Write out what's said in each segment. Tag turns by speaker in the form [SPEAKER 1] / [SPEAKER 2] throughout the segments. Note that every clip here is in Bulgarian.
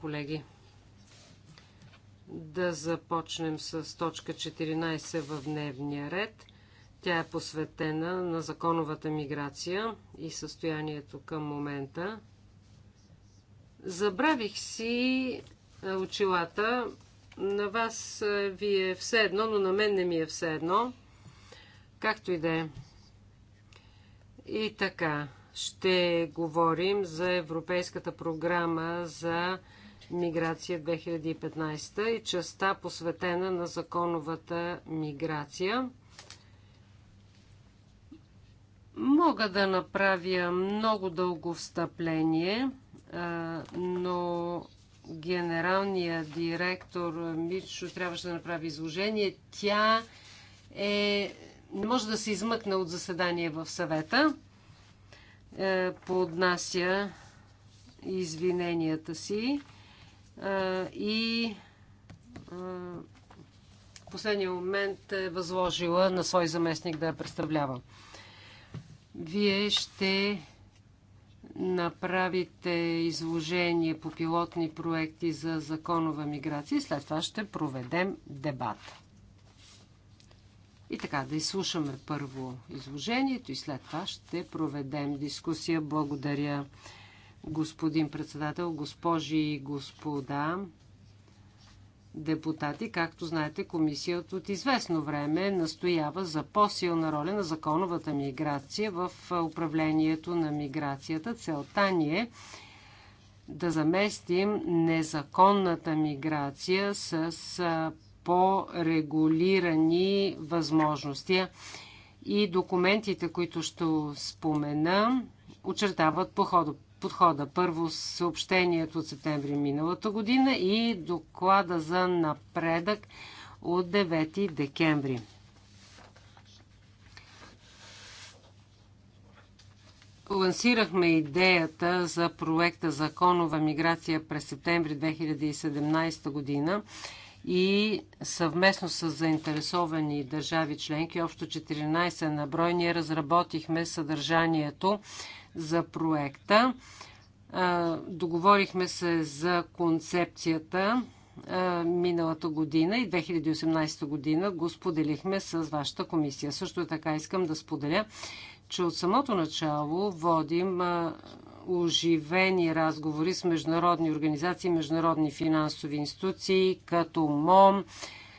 [SPEAKER 1] колеги. Да започнем с точка 14 в дневния ред. Тя е посветена на законовата миграция и състоянието към момента. Забравих си е, очилата. На вас е, ви е все едно, но на мен не ми е все едно. Както и да е. И така, ще говорим за Европейската програма за миграция 2015 и частта посветена на законовата миграция. Мога да направя много дълго встъпление, но генералният директор Мичо трябваше да направи изложение. Тя е, не може да се измъкне от заседание в съвета. Е, поднася извиненията си и в последния момент е възложила на свой заместник да я представлява. Вие ще направите изложение по пилотни проекти за законова миграция и след това ще проведем дебат. И така, да изслушаме първо изложението и след това ще проведем дискусия. Благодаря господин председател, госпожи и господа депутати. Както знаете, комисията от известно време настоява за по-силна роля на законовата миграция в управлението на миграцията. Целта ни е да заместим незаконната миграция с по-регулирани възможности. И документите, които ще спомена, очертават подхода. Първо съобщението от септември миналата година и доклада за напредък от 9 декември. Лансирахме идеята за проекта Законова миграция през септември 2017 година и съвместно с заинтересовани държави членки, общо 14 на брой, ние разработихме съдържанието за проекта. Договорихме се за концепцията миналата година и 2018 година го споделихме с вашата комисия. Също така искам да споделя, че от самото начало водим оживени разговори с международни организации, международни финансови институции, като МОМ,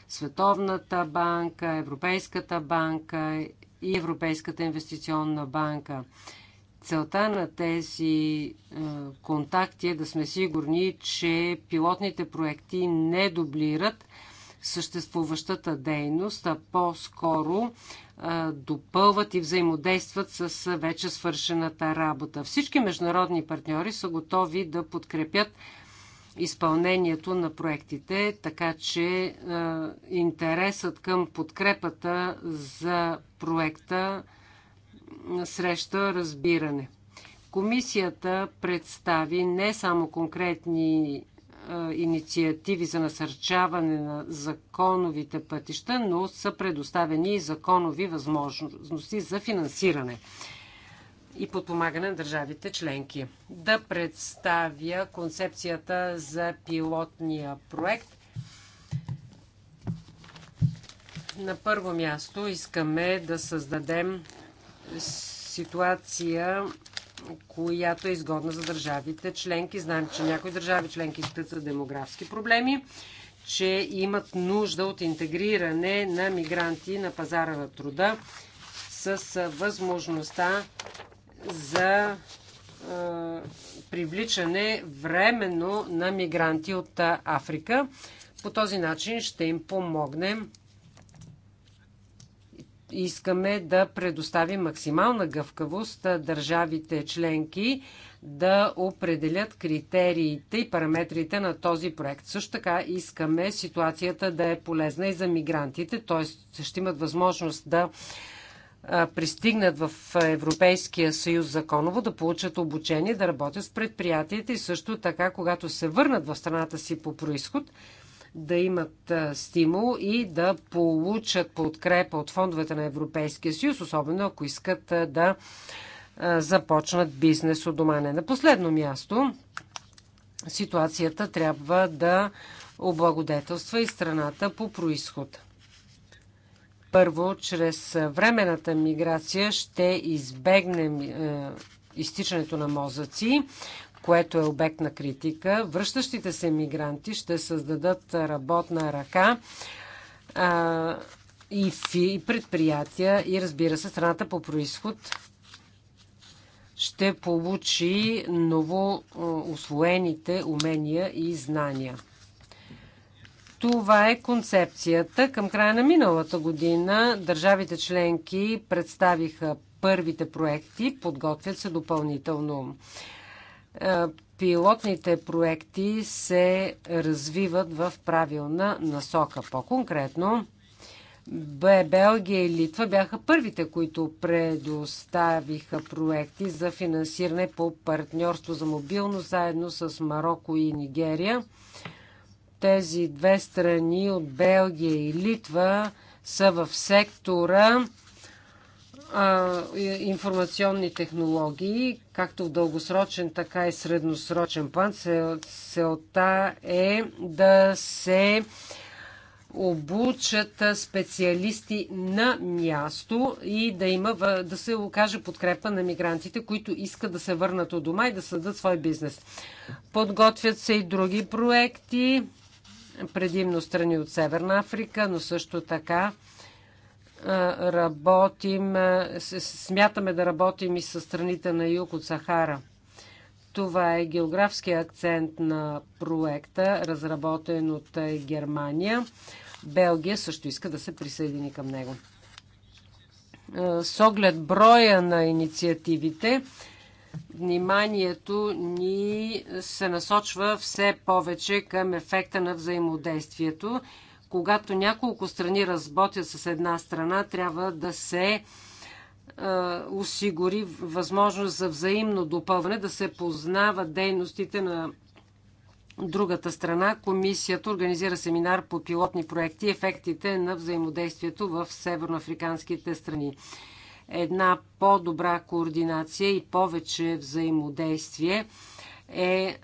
[SPEAKER 1] Световната банка, Европейската банка и Европейската инвестиционна банка. Целта на тези е, контакти е да сме сигурни, че пилотните проекти не дублират съществуващата дейност, а по-скоро е, допълват и взаимодействат с вече свършената работа. Всички международни партньори са готови да подкрепят изпълнението на проектите, така че е, интересът към подкрепата за проекта среща разбиране. Комисията представи не само конкретни инициативи за насърчаване на законовите пътища, но са предоставени и законови възможности за финансиране и подпомагане на държавите членки. Да представя концепцията за пилотния проект. На първо място искаме да създадем ситуация, която е изгодна за държавите членки. Знаем, че някои държави членки изпитват демографски проблеми, че имат нужда от интегриране на мигранти на пазара на труда с възможността за привличане временно на мигранти от Африка. По този начин ще им помогнем искаме да предоставим максимална гъвкавост държавите членки да определят критериите и параметрите на този проект. Също така искаме ситуацията да е полезна и за мигрантите, т.е. ще имат възможност да пристигнат в Европейския съюз законово, да получат обучение, да работят с предприятията и също така, когато се върнат в страната си по происход, да имат стимул и да получат подкрепа от фондовете на Европейския съюз, особено ако искат да започнат бизнес у дома. Не на последно място, ситуацията трябва да облагодетелства и страната по происход. Първо, чрез времената миграция ще избегнем е, изтичането на мозъци, което е обект на критика. Връщащите се мигранти ще създадат работна ръка а, и, фи, и предприятия и разбира се страната по происход ще получи ново освоените умения и знания. Това е концепцията. Към края на миналата година държавите членки представиха първите проекти, подготвят се допълнително е, пилотните проекти се развиват в правилна насока. По-конкретно, Белгия и Литва бяха първите, които предоставиха проекти за финансиране по партньорство за мобилност, заедно с Марокко и Нигерия. Тези две страни от Белгия и Литва са в сектора а, информационни технологии, както в дългосрочен, така и средносрочен план. Целта е да се обучат специалисти на място и да, има, да се окаже подкрепа на мигрантите, които искат да се върнат от дома и да създадат свой бизнес. Подготвят се и други проекти, предимно страни от Северна Африка, но също така работим, смятаме да работим и със страните на юг от Сахара. Това е географски акцент на проекта, разработен от Германия. Белгия също иска да се присъедини към него. С оглед броя на инициативите, вниманието ни се насочва все повече към ефекта на взаимодействието когато няколко страни разботят с една страна, трябва да се осигури възможност за взаимно допълване, да се познават дейностите на другата страна. Комисията организира семинар по пилотни проекти и ефектите на взаимодействието в северноафриканските страни. Една по-добра координация и повече взаимодействие е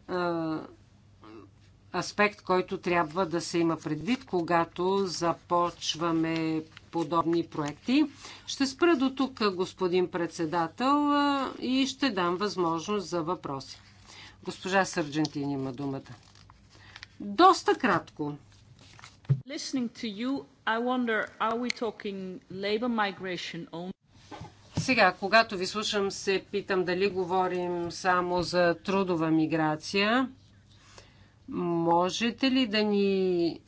[SPEAKER 1] аспект, който трябва да се има предвид, когато започваме подобни проекти. Ще спра до тук, господин председател, и ще дам възможност за въпроси. Госпожа Сърджентин има думата. Доста кратко. Сега, когато ви слушам, се питам дали говорим само за трудова миграция Можете ли да ни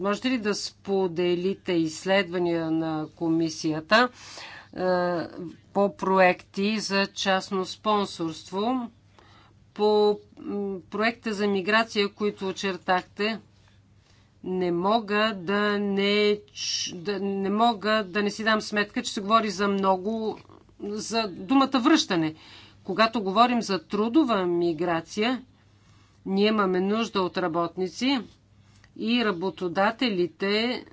[SPEAKER 1] можете ли да споделите изследвания на комисията е, по проекти за частно спонсорство, по проекта за миграция, които очертахте? не мога да не, да не мога да не си дам сметка, че се говори за много, за думата връщане. Когато говорим за трудова миграция, ние имаме нужда от работници и работодателите е,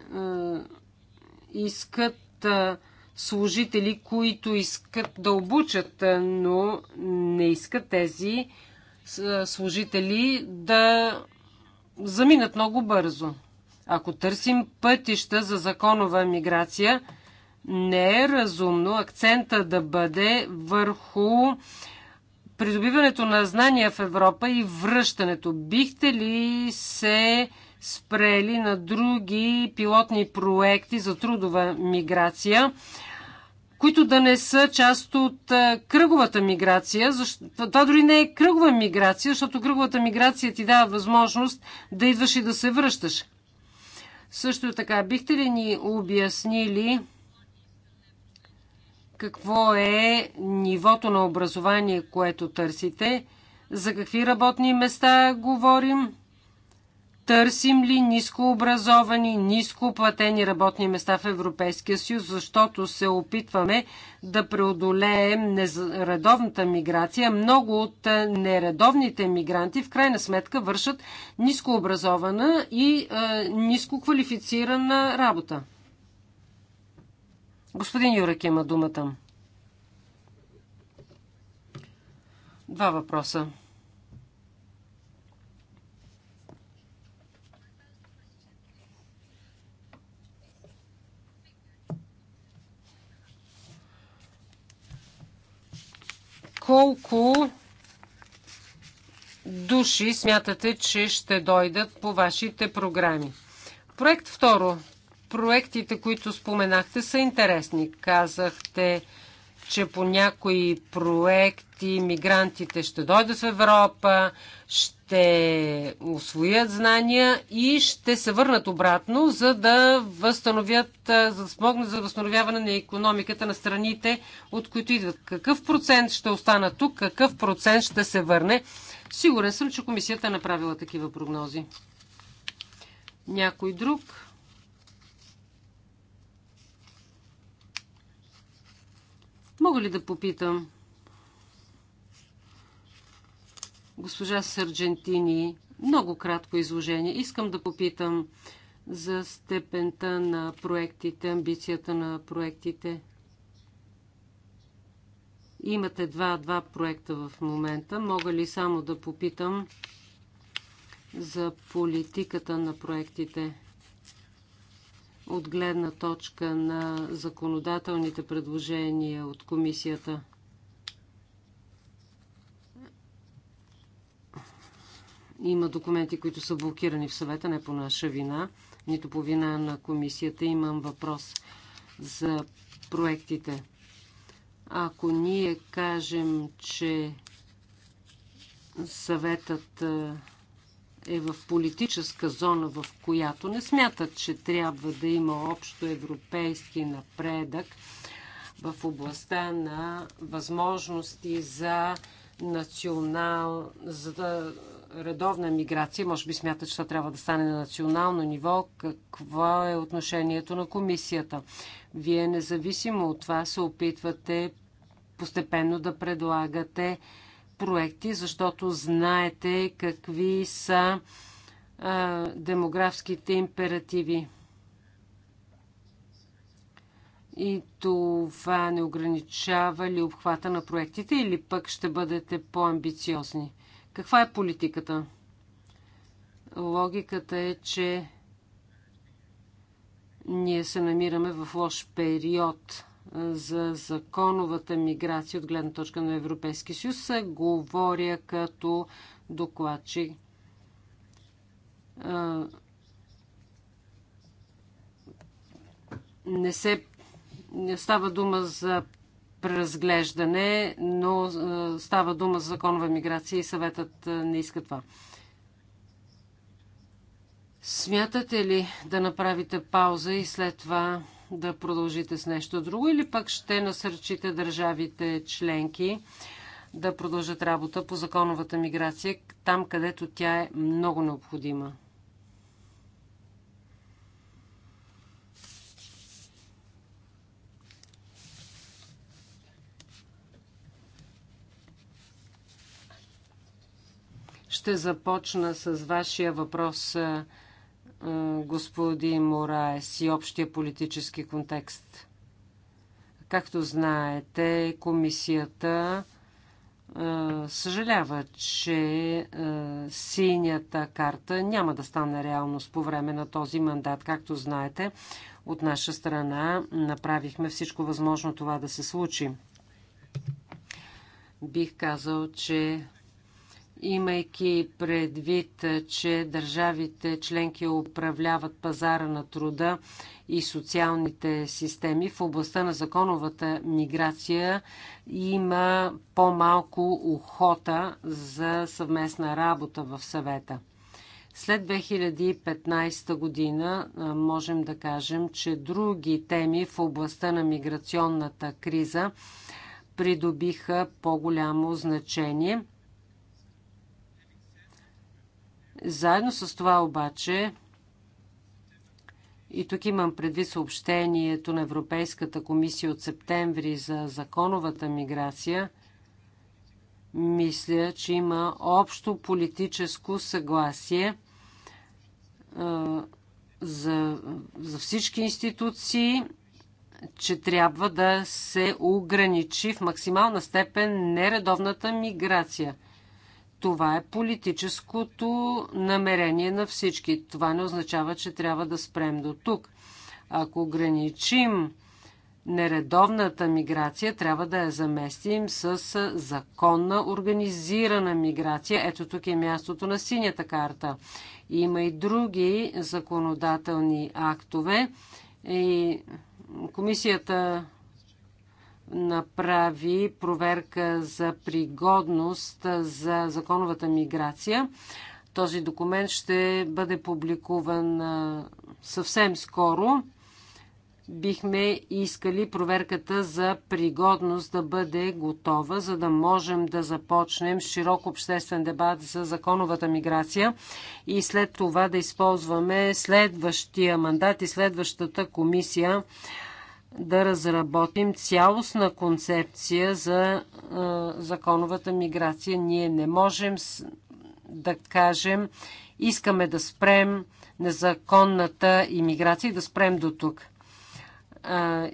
[SPEAKER 1] искат е, служители, които искат да обучат, е, но не искат тези служители да заминат много бързо. Ако търсим пътища за законова миграция, не е разумно акцента да бъде върху придобиването на знания в Европа и връщането. Бихте ли се спрели на други пилотни проекти за трудова миграция, които да не са част от кръговата миграция. Това дори не е кръгова миграция, защото кръговата миграция ти дава възможност да идваш и да се връщаш. Също така, бихте ли ни обяснили какво е нивото на образование, което търсите, за какви работни места говорим, търсим ли нискообразовани, нископлатени работни места в Европейския съюз, защото се опитваме да преодолеем нередовната миграция. Много от нередовните мигранти в крайна сметка вършат нискообразована и е, нискоквалифицирана работа. Господин Юрек има думата. Два въпроса. Колко души смятате, че ще дойдат по вашите програми? Проект второ проектите, които споменахте, са интересни. Казахте, че по някои проекти мигрантите ще дойдат в Европа, ще освоят знания и ще се върнат обратно, за да възстановят, за да смогнат за възстановяване на економиката на страните, от които идват. Какъв процент ще остана тук, какъв процент ще се върне? Сигурен съм, че комисията е направила такива прогнози. Някой друг? Мога ли да попитам? Госпожа Сърджентини, много кратко изложение. Искам да попитам за степента на проектите, амбицията на проектите. Имате два, два проекта в момента. Мога ли само да попитам за политиката на проектите? от гледна точка на законодателните предложения от комисията? Има документи, които са блокирани в съвета, не по наша вина, нито по вина на комисията. Имам въпрос за проектите. Ако ние кажем, че съветът е в политическа зона, в която не смятат, че трябва да има общо европейски напредък в областта на възможности за национал, за редовна миграция. Може би смятат, че това трябва да стане на национално ниво. Какво е отношението на комисията? Вие независимо от това се опитвате постепенно да предлагате проекти, защото знаете какви са а, демографските императиви. И това не ограничава ли обхвата на проектите или пък ще бъдете по-амбициозни? Каква е политиката? Логиката е, че ние се намираме в лош период – за законовата миграция от гледна точка на Европейски съюз. Говоря като докладчик. Не се не става дума за преразглеждане, но става дума за законова миграция и съветът не иска това. Смятате ли да направите пауза и след това да продължите с нещо друго или пък ще насърчите държавите членки да продължат работа по законовата миграция там, където тя е много необходима? Ще започна с вашия въпрос господин Мораес и общия политически контекст. Както знаете, комисията съжалява, че синята карта няма да стане реалност по време на този мандат. Както знаете, от наша страна направихме всичко възможно това да се случи. Бих казал, че имайки предвид, че държавите членки управляват пазара на труда и социалните системи, в областта на законовата миграция има по-малко охота за съвместна работа в съвета. След 2015 година можем да кажем, че други теми в областта на миграционната криза придобиха по-голямо значение – заедно с това обаче, и тук имам предвид съобщението на Европейската комисия от септември за законовата миграция, мисля, че има общо политическо съгласие за, за всички институции, че трябва да се ограничи в максимална степен нередовната миграция – това е политическото намерение на всички. Това не означава, че трябва да спрем до тук. Ако ограничим нередовната миграция, трябва да я заместим с законна организирана миграция. Ето тук е мястото на синята карта. Има и други законодателни актове. И комисията направи проверка за пригодност за законовата миграция. Този документ ще бъде публикуван съвсем скоро. Бихме искали проверката за пригодност да бъде готова, за да можем да започнем широк обществен дебат за законовата миграция и след това да използваме следващия мандат и следващата комисия да разработим цялостна концепция за законовата миграция. Ние не можем да кажем, искаме да спрем незаконната иммиграция и да спрем до тук.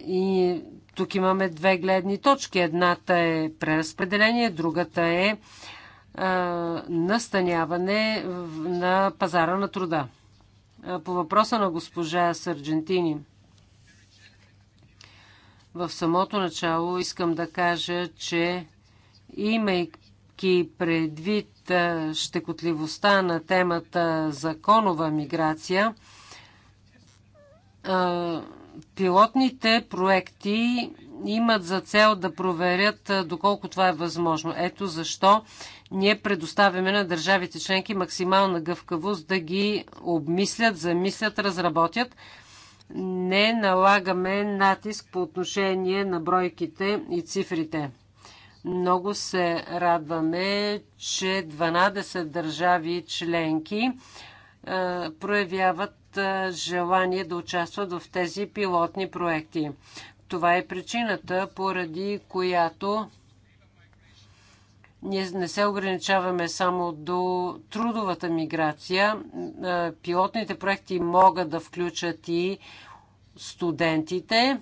[SPEAKER 1] И тук имаме две гледни точки. Едната е преразпределение, другата е настаняване на пазара на труда. По въпроса на госпожа Сарджентини – в самото начало искам да кажа, че имайки предвид щекотливостта на темата законова миграция, пилотните проекти имат за цел да проверят доколко това е възможно. Ето защо ние предоставяме на държавите членки максимална гъвкавост да ги обмислят, замислят, разработят не налагаме натиск по отношение на бройките и цифрите. Много се радваме, че 12 държави членки проявяват желание да участват в тези пилотни проекти. Това е причината, поради която ние не се ограничаваме само до трудовата миграция. Пилотните проекти могат да включат и студентите.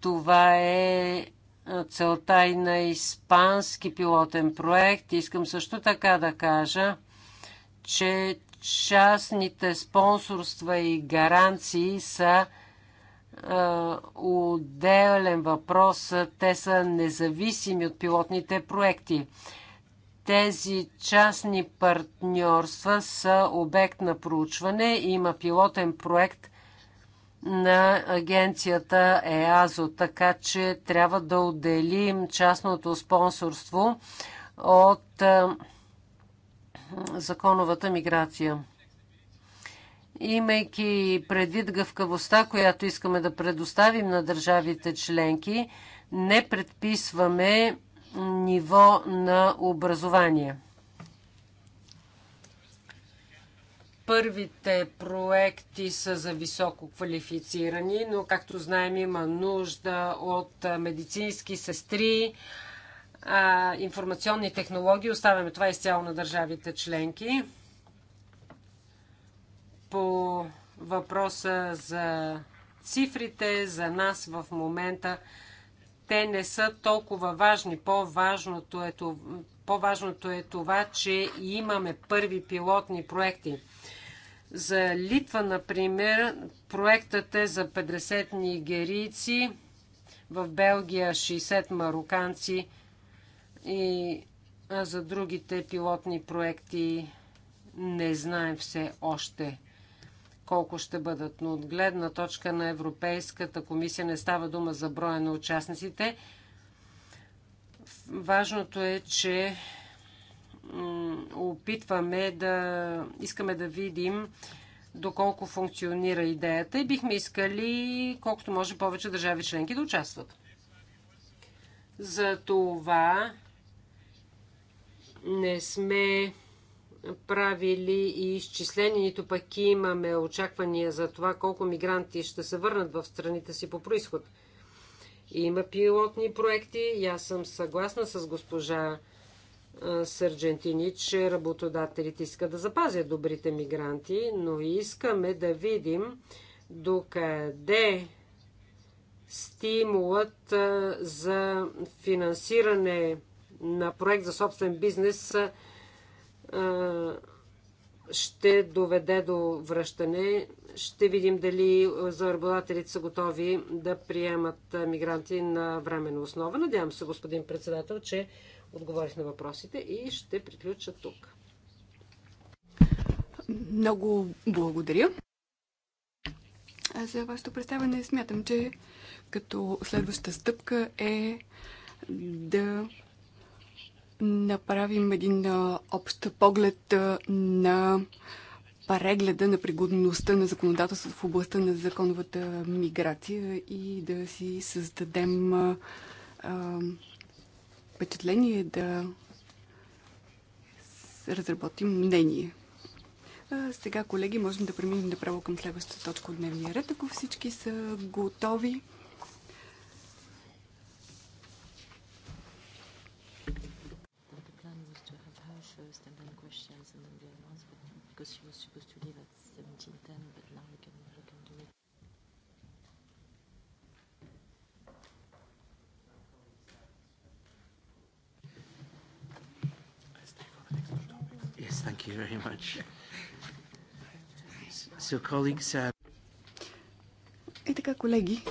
[SPEAKER 1] Това е целта и на испански пилотен проект. Искам също така да кажа, че частните спонсорства и гаранции са отделен въпрос. Те са независими от пилотните проекти. Тези частни партньорства са обект на проучване. Има пилотен проект на агенцията ЕАЗО, така че трябва да отделим частното спонсорство от законовата миграция имайки предвид гъвкавостта, която искаме да предоставим на държавите членки, не предписваме ниво на образование. Първите проекти са за високо квалифицирани, но както знаем има нужда от медицински сестри, информационни технологии. Оставяме това изцяло на държавите членки. По въпроса за цифрите, за нас в момента те не са толкова важни. По-важното е, по-важното е това, че имаме първи пилотни проекти. За Литва, например, проектът е за 50 нигерийци, в Белгия 60 мароканци и а за другите пилотни проекти не знаем все още колко ще бъдат, но от гледна точка на Европейската комисия не става дума за броя на участниците. Важното е, че опитваме да искаме да видим доколко функционира идеята и бихме искали колкото може повече държави членки да участват. За това не сме правили и изчислението нито пък имаме очаквания за това колко мигранти ще се върнат в страните си по происход. Има пилотни проекти и аз съм съгласна с госпожа Сърджентини, че работодателите искат да запазят добрите мигранти, но искаме да видим докъде стимулът за финансиране на проект за собствен бизнес – ще доведе до връщане. Ще видим дали зарабодателите са готови да приемат мигранти на временна основа. Надявам се, господин председател, че
[SPEAKER 2] отговорих на въпросите и ще приключа тук. Много благодаря. За вашето представяне смятам, че като следваща стъпка е да направим един общ поглед на прегледа на пригодността на законодателството в областта на законовата миграция и да си създадем а, а, впечатление да разработим мнение. А, сега, колеги, можем да преминем направо към следващата точка от дневния ред, ако всички са готови.
[SPEAKER 3] you very much. So, colleagues, uh...
[SPEAKER 2] Е така, колеги,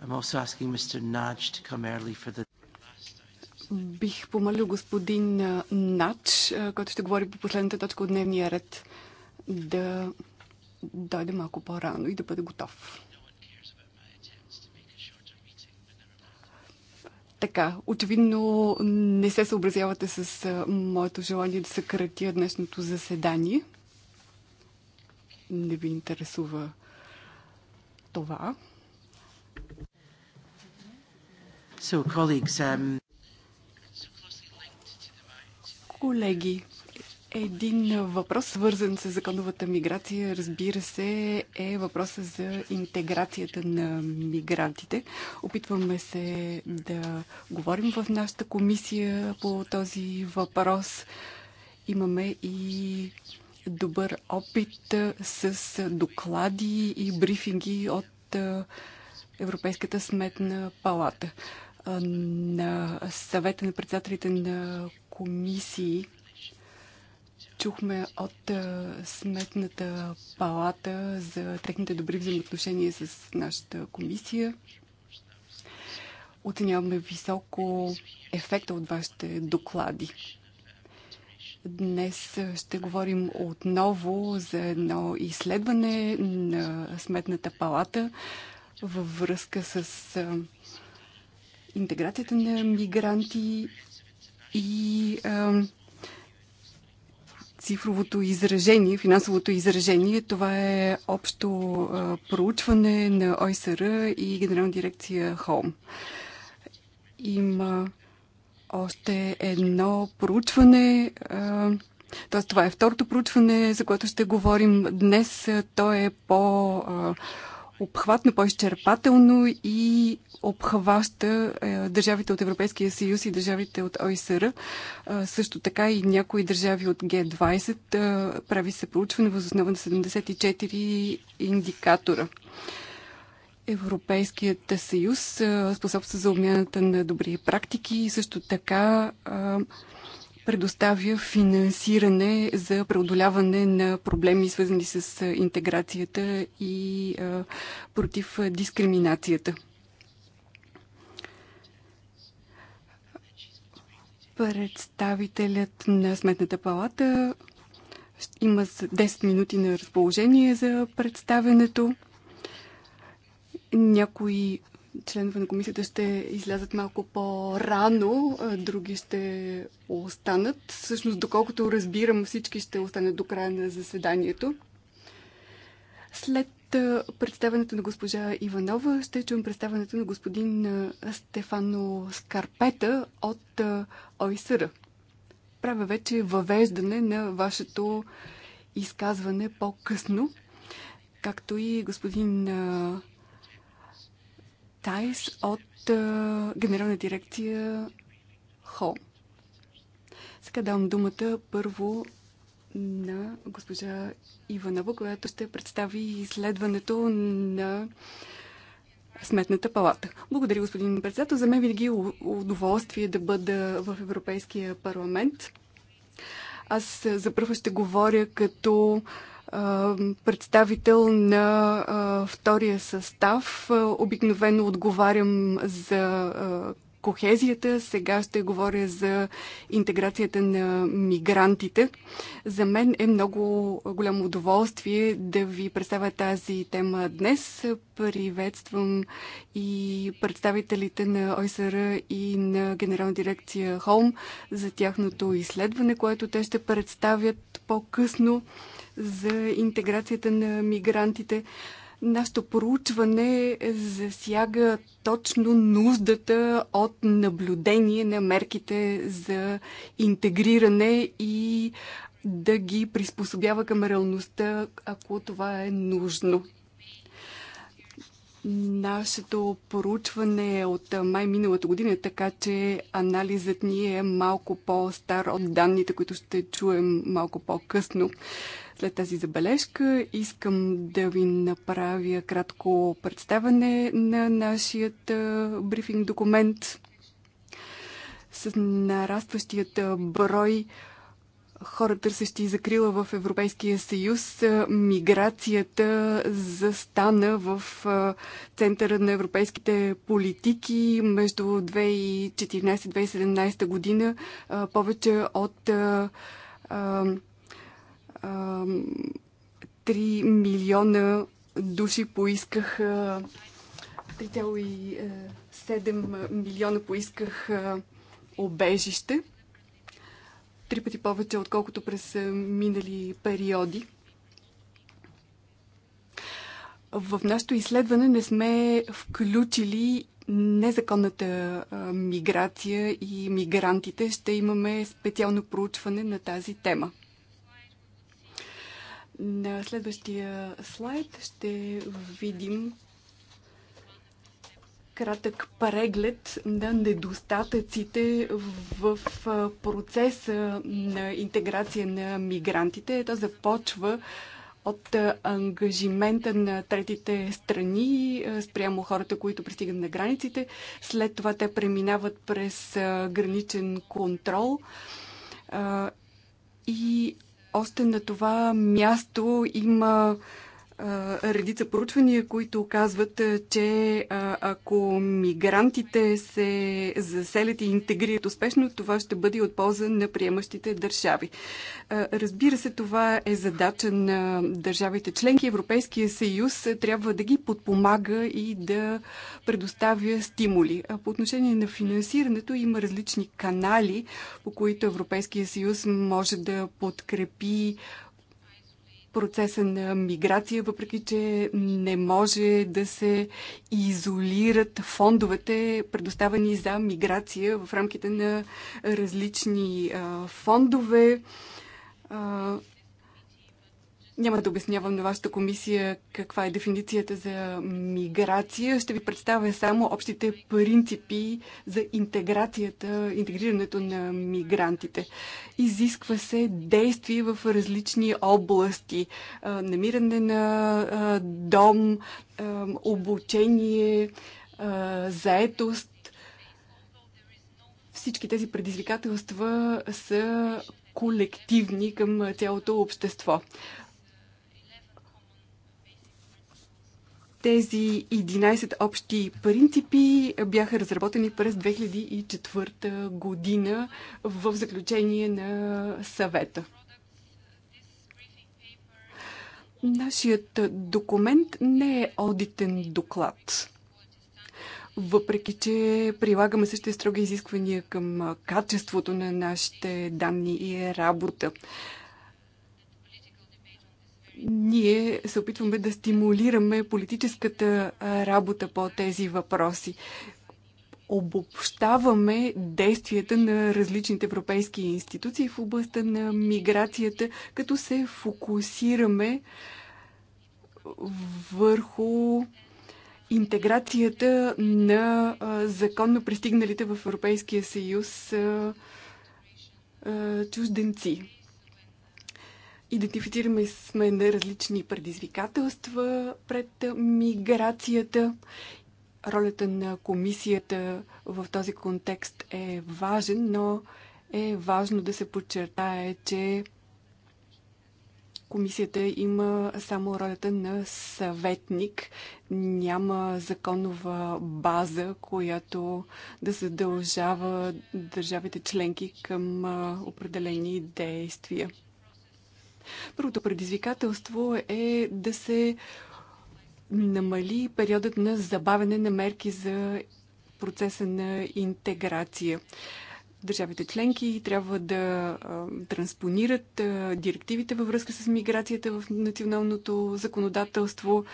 [SPEAKER 3] I'm also asking Mr. Nudge to come early for the
[SPEAKER 2] Бих помолил господин Нач, който ще говори по последната точка от дневния ред, да дойде малко по-рано и да бъде готов. Така, очевидно не се съобразявате с моето желание да съкратя днешното заседание. Не ви интересува това.
[SPEAKER 3] So, colleagues, um...
[SPEAKER 2] Колеги, един въпрос, свързан с законовата миграция, разбира се, е въпроса за интеграцията на мигрантите. Опитваме се да говорим в нашата комисия по този въпрос. Имаме и добър опит с доклади и брифинги от Европейската сметна палата на съвета на председателите на комисии. Чухме от Сметната палата за техните добри взаимоотношения с нашата комисия. Оценяваме високо ефекта от вашите доклади. Днес ще говорим отново за едно изследване на Сметната палата във връзка с интеграцията на мигранти и а, цифровото изражение, финансовото изражение. Това е общо а, проучване на ОСР и Генерална дирекция Home. Има още едно проучване. А, т.е. това е второто проучване, за което ще говорим днес. То е по а, Обхватна обхватно по-изчерпателно и обхваща е, държавите от Европейския съюз и държавите от ОИСР. Е, също така и някои държави от Г20 е, прави се проучване въз основа на 74 индикатора. Европейският съюз способства за обмяната на добри практики и също така предоставя финансиране за преодоляване на проблеми, свързани с интеграцията и против дискриминацията. Представителят на Сметната палата има 10 минути на разположение за представенето. Някои членове на комисията ще излязат малко по-рано, други ще останат. Всъщност, доколкото разбирам, всички ще останат до края на заседанието. След представенето на госпожа Иванова ще чуем представенето на господин Стефано Скарпета от ОИСР. Правя вече въвеждане на вашето изказване по-късно, както и господин Тайс от uh, Генерална дирекция ХО. Сега давам думата първо на госпожа Иванова, която ще представи изследването на Сметната палата. Благодаря, господин председател. За мен винаги е удоволствие да бъда в Европейския парламент. Аз за първо ще говоря като представител на втория състав. Обикновено отговарям за кохезията, сега ще говоря за интеграцията на мигрантите. За мен е много голямо удоволствие да ви представя тази тема днес. Приветствам и представителите на ОСР и на Генерална дирекция Холм за тяхното изследване, което те ще представят по-късно за интеграцията на мигрантите. Нашето проучване засяга точно нуждата от наблюдение на мерките за интегриране и да ги приспособява към реалността, ако това е нужно. Нашето поручване е от май миналата година, така че анализът ни е малко по-стар от данните, които ще чуем малко по-късно. След тази забележка искам да ви направя кратко представане на нашият брифинг документ с нарастващият брой хора, търсещи закрила в Европейския съюз, миграцията застана в центъра на европейските политики между 2014-2017 година. Повече от 3 милиона души поискаха 3,7 е, милиона поискаха обежище. Три пъти повече, отколкото през е, минали периоди. В нашето изследване не сме включили незаконната е, миграция и мигрантите. Ще имаме специално проучване на тази тема. На следващия слайд ще видим кратък преглед на недостатъците в процеса на интеграция на мигрантите. То започва от ангажимента на третите страни спрямо хората, които пристигат на границите. След това те преминават през граничен контрол и още на това място има редица проучвания, които казват, че ако мигрантите се заселят и интегрират успешно, това ще бъде от полза на приемащите държави. Разбира се, това е задача на държавите членки. Европейския съюз трябва да ги подпомага и да предоставя стимули. По отношение на финансирането има различни канали, по които Европейския съюз може да подкрепи процеса на миграция, въпреки че не може да се изолират фондовете, предоставени за миграция в рамките на различни фондове. Няма да обяснявам на вашата комисия каква е дефиницията за миграция. Ще ви представя само общите принципи за интеграцията, интегрирането на мигрантите. Изисква се действие в различни области. Намиране на дом, обучение, заетост. Всички тези предизвикателства са колективни към цялото общество. Тези 11 общи принципи бяха разработени през 2004 година в заключение на съвета. Нашият документ не е одитен доклад. Въпреки, че прилагаме същите строги изисквания към качеството на нашите данни и работа ние се опитваме да стимулираме политическата работа по тези въпроси. Обобщаваме действията на различните европейски институции в областта на миграцията, като се фокусираме върху интеграцията на законно пристигналите в Европейския съюз чужденци. Идентифицираме сме на различни предизвикателства пред миграцията. Ролята на комисията в този контекст е важен, но е важно да се подчертае, че комисията има само ролята на съветник. Няма законова база, която да задължава държавите членки към определени действия. Първото предизвикателство е да се намали периодът на забавене на мерки за процеса на интеграция. Държавите членки трябва да транспонират директивите във връзка с миграцията в националното законодателство.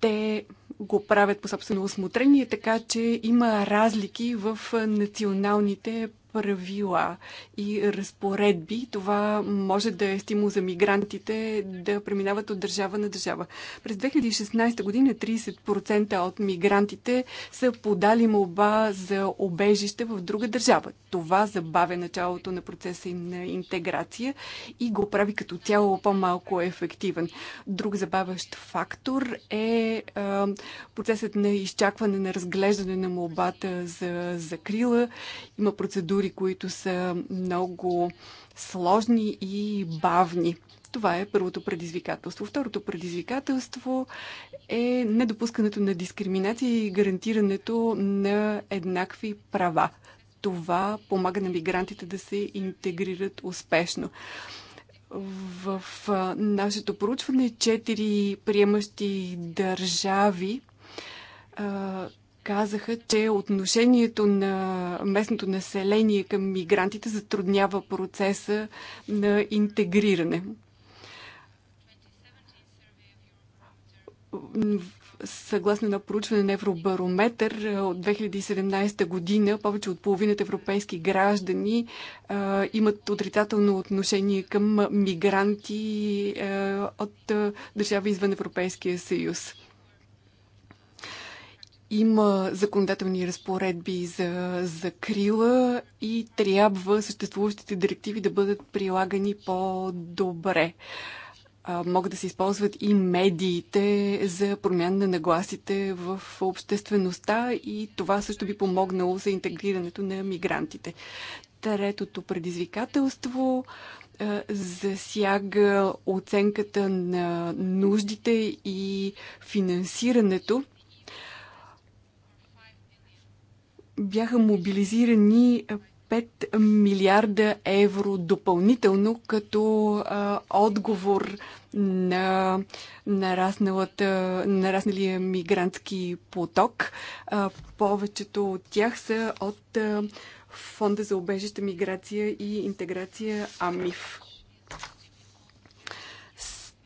[SPEAKER 2] Те го правят по собствено осмотрение, така че има разлики в националните правила и разпоредби. Това може да е стимул за мигрантите да преминават от държава на държава. През 2016 година 30% от мигрантите са подали молба за обежище в друга държава. Това забавя началото на процеса им на интеграция и го прави като цяло по-малко ефективен. Друг забавящ фактор е процесът на изчакване на разглеждане на молбата за закрила. Има процедури процедури, които са много сложни и бавни. Това е първото предизвикателство. Второто предизвикателство е недопускането на дискриминация и гарантирането на еднакви права. Това помага на мигрантите да се интегрират успешно. В нашето проучване четири приемащи държави казаха, че отношението на местното население към мигрантите затруднява процеса на интегриране. Съгласно на проучване на Евробарометър от 2017 година, повече от половината европейски граждани а, имат отрицателно отношение към мигранти а, от а, държави извън Европейския съюз има законодателни разпоредби за закрила и трябва съществуващите директиви да бъдат прилагани по-добре. Могат да се използват и медиите за промяна на нагласите в обществеността и това също би помогнало за интегрирането на мигрантите. Третото предизвикателство засяга оценката на нуждите и финансирането. бяха мобилизирани 5 милиарда евро допълнително като а, отговор на нарасналия мигрантски поток. А, повечето от тях са от а, Фонда за обежище, миграция и интеграция АМИФ.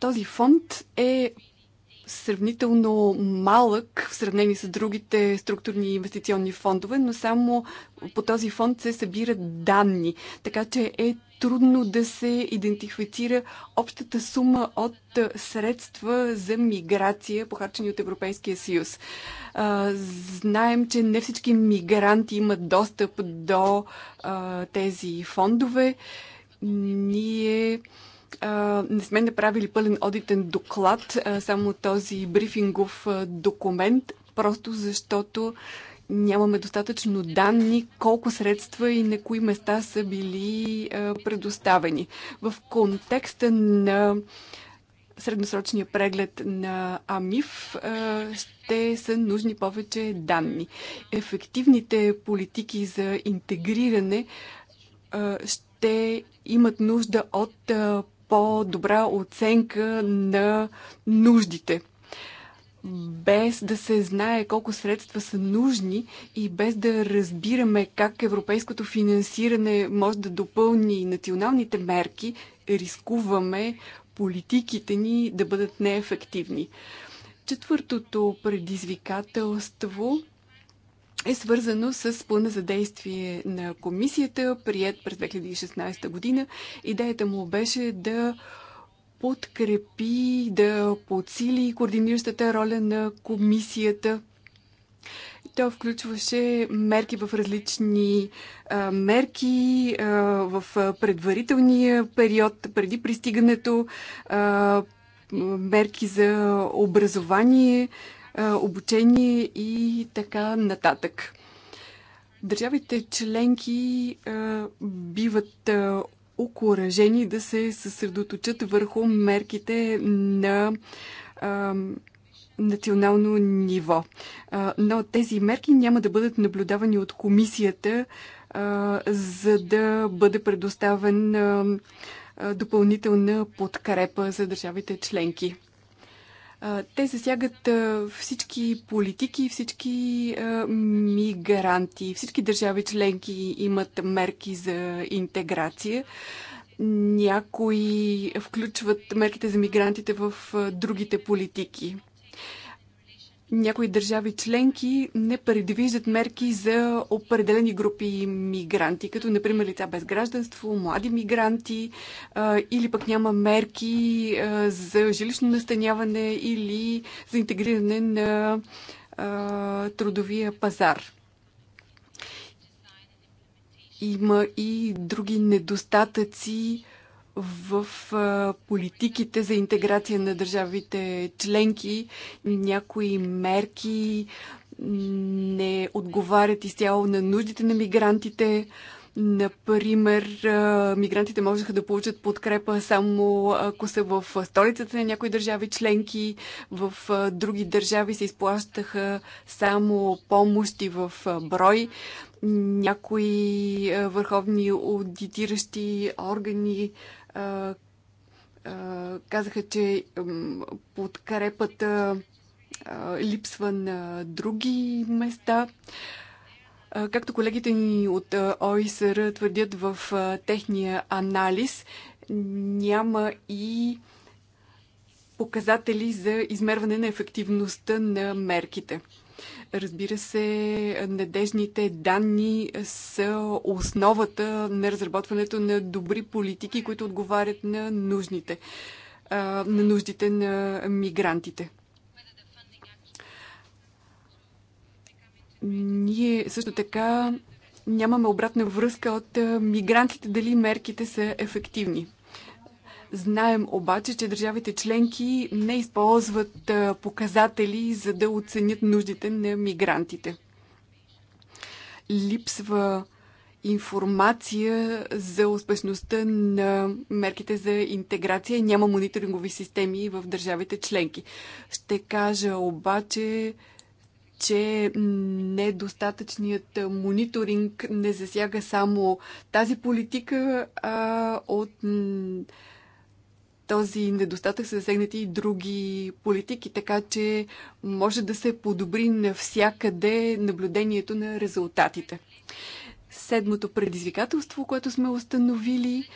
[SPEAKER 2] Този фонд е сравнително малък в сравнение с другите структурни инвестиционни фондове, но само по този фонд се събират данни. Така че е трудно да се идентифицира общата сума от средства за миграция, похарчени от Европейския съюз. Знаем, че не всички мигранти имат достъп до тези фондове. Ние не сме направили пълен одитен доклад, само този брифингов документ, просто защото нямаме достатъчно данни колко средства и на кои места са били предоставени. В контекста на средносрочния преглед на АМИФ ще са нужни повече данни. Ефективните политики за интегриране ще имат нужда от по-добра оценка на нуждите. Без да се знае колко средства са нужни и без да разбираме как европейското финансиране може да допълни националните мерки, рискуваме политиките ни да бъдат неефективни. Четвъртото предизвикателство е свързано с плана за действие на комисията, прият през 2016 година. Идеята му беше да подкрепи, да подсили координиращата роля на комисията. То включваше мерки в различни а, мерки а, в предварителния период, преди пристигането, а, мерки за образование, обучение и така нататък. Държавите членки биват окоръжени да се съсредоточат върху мерките на национално ниво. Но тези мерки няма да бъдат наблюдавани от комисията, за да бъде предоставен допълнителна подкрепа за държавите членки. Те засягат всички политики, всички мигранти, всички държави членки имат мерки за интеграция. Някои включват мерките за мигрантите в другите политики някои държави членки не предвиждат мерки за определени групи мигранти, като например лица без гражданство, млади мигранти, или пък няма мерки за жилищно настаняване или за интегриране на трудовия пазар. Има и други недостатъци в политиките за интеграция на държавите членки някои мерки не отговарят изцяло на нуждите на мигрантите. Например, мигрантите можеха да получат подкрепа само ако са в столицата на някои държави членки, в други държави се изплащаха само помощи в брой. Някои върховни аудитиращи органи казаха, че подкрепата липсва на други места. Както колегите ни от ОИСР твърдят в техния анализ, няма и показатели за измерване на ефективността на мерките. Разбира се, надежните данни са основата на разработването на добри политики, които отговарят на нужните, на нуждите на мигрантите. Ние също така нямаме обратна връзка от мигрантите дали мерките са ефективни. Знаем обаче, че държавите членки не използват показатели, за да оценят нуждите на мигрантите. Липсва информация за успешността на мерките за интеграция. Няма мониторингови системи в държавите членки. Ще кажа обаче, че недостатъчният мониторинг не засяга само тази политика, а от този недостатък са засегнати и други политики, така че може да се подобри навсякъде наблюдението на резултатите. Седмото предизвикателство, което сме установили,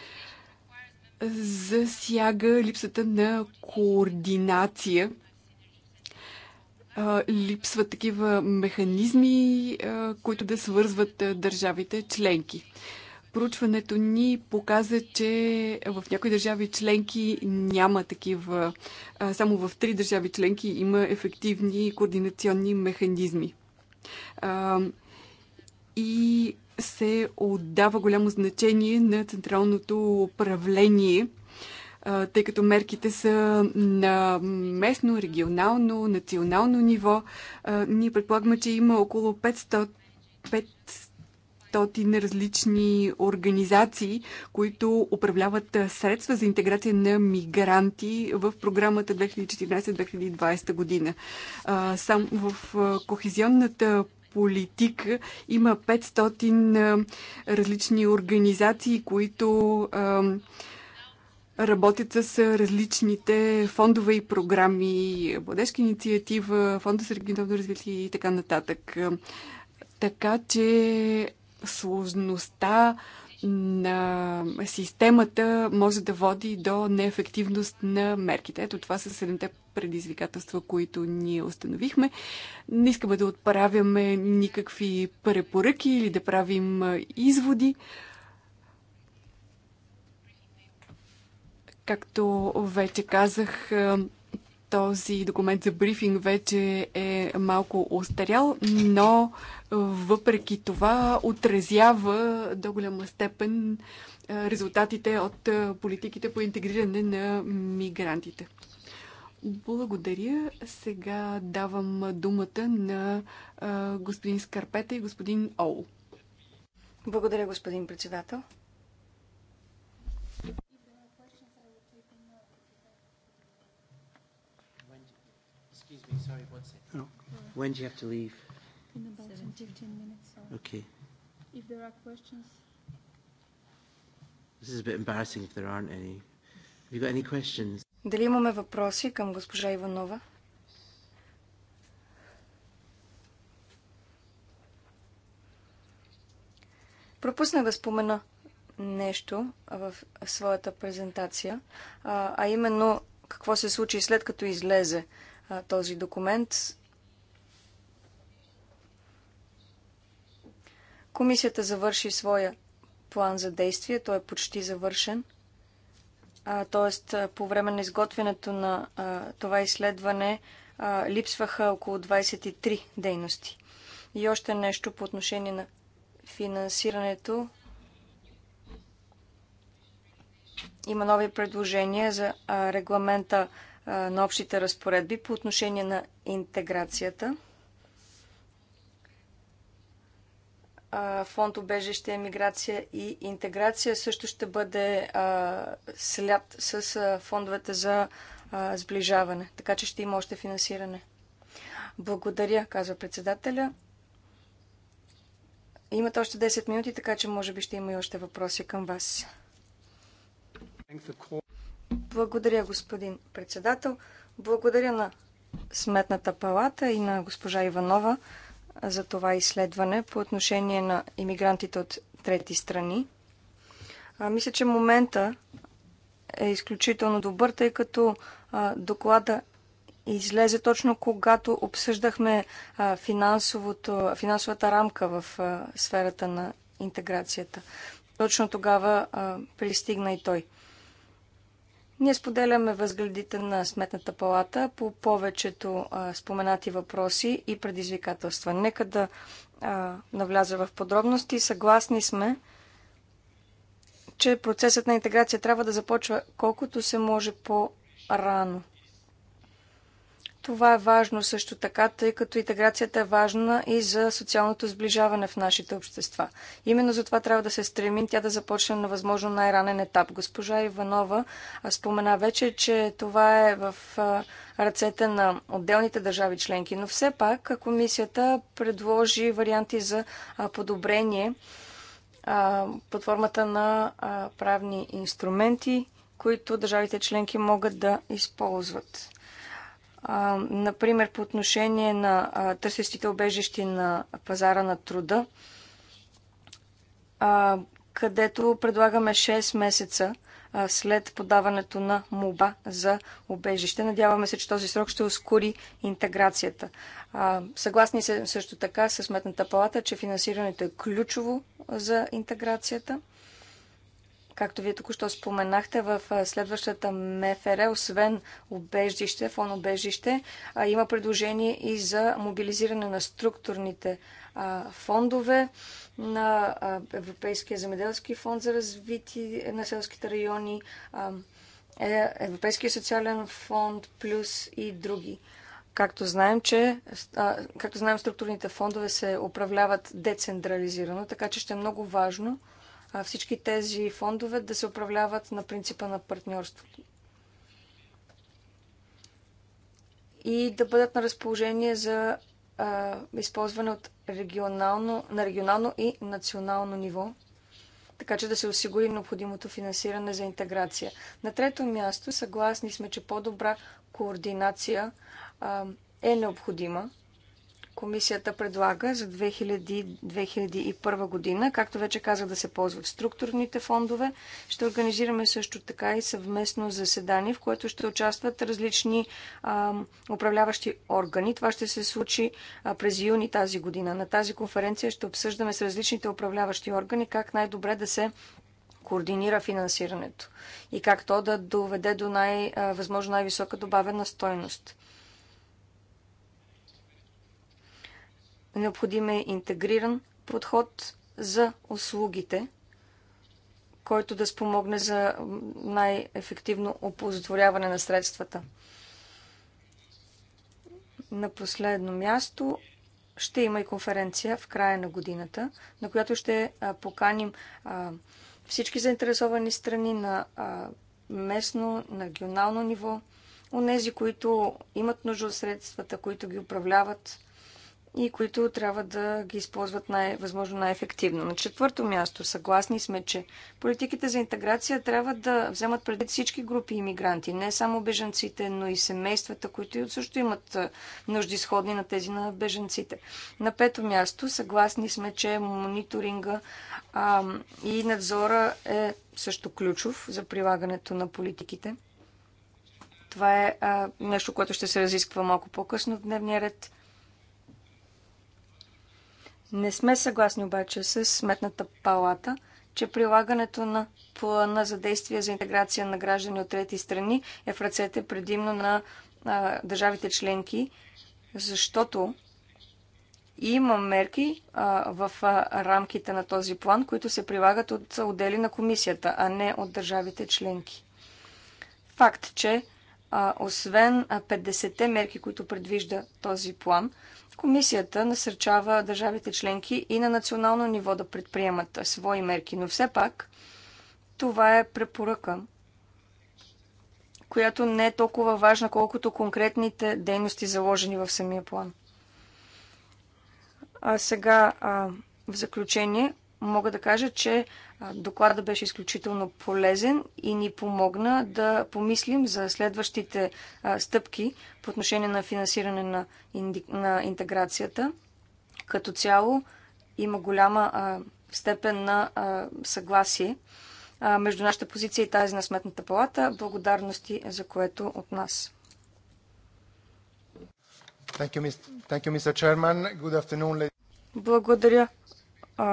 [SPEAKER 2] засяга липсата на координация. Липсват такива механизми, които да свързват държавите членки. Проучването ни показа, че в някои държави членки няма такива. Само в три държави членки има ефективни координационни механизми. И се отдава голямо значение на централното управление, тъй като мерките са на местно, регионално, национално ниво. Ние предполагаме, че има около 500, 500 500 различни организации, които управляват средства за интеграция на мигранти в програмата 2014-2020 година. Сам в кохезионната политика. Има 500 различни организации, които работят с различните фондове и програми, младежка инициатива, фонда за регионално развитие и така нататък. Така че сложността на системата може да води до неефективност на мерките. Ето това са седемте предизвикателства, които ние установихме. Не искаме да отправяме никакви препоръки или да правим изводи. Както вече казах, този документ за брифинг вече е малко устарял, но въпреки това отразява до голяма степен резултатите от политиките по интегриране на мигрантите. Благодаря. Сега давам думата на господин Скарпета и господин Оу. Благодаря, господин председател.
[SPEAKER 3] Sorry, one second. When do you have to leave? In about 10, 15 minutes. So okay. If there are questions. This is a bit embarrassing if there aren't any. Have you got any questions?
[SPEAKER 4] Дали имаме въпроси към госпожа Иванова? Пропуснах да спомена нещо в своята презентация, а именно какво се случи след като излезе а, този документ. Комисията завърши своя план за действие. Той е почти завършен. Тоест, по време на изготвянето на а, това изследване а, липсваха около 23 дейности. И още нещо по отношение на финансирането. Има нови предложения за а, регламента на общите разпоредби по отношение на интеграцията. фонд обежище, миграция и интеграция също ще бъде след с фондовете за сближаване. Така че ще има още финансиране. Благодаря, казва председателя. Имате още 10 минути, така че може би ще има и още въпроси към вас. Благодаря, господин председател. Благодаря на Сметната палата и на госпожа Иванова за това изследване по отношение на иммигрантите от трети страни. А, мисля, че момента е изключително добър, тъй като а, доклада излезе точно когато обсъждахме а, финансовата рамка в а, сферата на интеграцията. Точно тогава а, пристигна и той. Ние споделяме възгледите на Сметната палата по повечето а, споменати въпроси и предизвикателства. Нека да а, навляза в подробности. Съгласни сме, че процесът на интеграция трябва да започва колкото се може по-рано. Това е важно също така, тъй като интеграцията е важна и за социалното сближаване в нашите общества. Именно за това трябва да се стремим тя да започне на възможно най-ранен етап. Госпожа Иванова спомена вече, че това е в ръцете на отделните държави членки, но все пак комисията предложи варианти за подобрение под формата на правни инструменти, които държавите членки могат да използват например, по отношение на търсещите обежищи на пазара на труда, където предлагаме 6 месеца след подаването на моба за обежище. Надяваме се, че този срок ще ускори интеграцията. Съгласни се също така с Сметната палата, че финансирането е ключово за интеграцията. Както вие току-що споменахте, в следващата МФР, освен обежище, фон обежище, има предложение и за мобилизиране на структурните фондове на Европейския земеделски фонд за развитие на селските райони, е, Европейския социален фонд плюс и други. Както знаем, че, както знаем, структурните фондове се управляват децентрализирано, така че ще е много важно всички тези фондове да се управляват на принципа на партньорството. И да бъдат на разположение за а, използване от регионално, на регионално и национално ниво, така че да се осигури необходимото финансиране за интеграция. На трето място, съгласни сме, че по-добра координация а, е необходима комисията предлага за 2000, 2001 година, както вече казах, да се ползват структурните фондове. Ще организираме също така и съвместно заседание, в което ще участват различни а, управляващи органи. Това ще се случи а, през юни тази година. На тази конференция ще обсъждаме с различните управляващи органи как най-добре да се координира финансирането и как то да доведе до най, възможно най-висока добавена стойност. Необходим е интегриран подход за услугите, който да спомогне за най-ефективно оползотворяване на средствата. На последно място ще има и конференция в края на годината, на която ще поканим всички заинтересовани страни на местно, на регионално ниво, у нези, които имат нужда от средствата, които ги управляват, и които трябва да ги използват най- възможно най-ефективно. На четвърто място, съгласни сме, че политиките за интеграция трябва да вземат преди всички групи иммигранти, не само беженците, но и семействата, които и също имат нужди сходни на тези на беженците. На пето място, съгласни сме, че мониторинга а, и надзора е също ключов за прилагането на политиките. Това е а, нещо, което ще се разисква малко по-късно в дневния ред. Не сме съгласни обаче с Сметната палата, че прилагането на плана за действие за интеграция на граждани от трети страни е в ръцете предимно на а, държавите членки, защото има мерки а, в а, рамките на този план, които се прилагат от отдели на комисията, а не от държавите членки. Факт, че а, освен 50-те мерки, които предвижда този план, комисията насърчава държавите членки и на национално ниво да предприемат свои мерки. Но все пак това е препоръка, която не е толкова важна, колкото конкретните дейности, заложени в самия план. А сега а, в заключение мога да кажа, че Докладът беше изключително полезен и ни помогна да помислим за следващите стъпки по отношение на финансиране на, инди... на интеграцията. Като цяло има голяма степен на съгласие между нашата позиция и тази на Сметната палата. Благодарности за което от нас. Благодаря,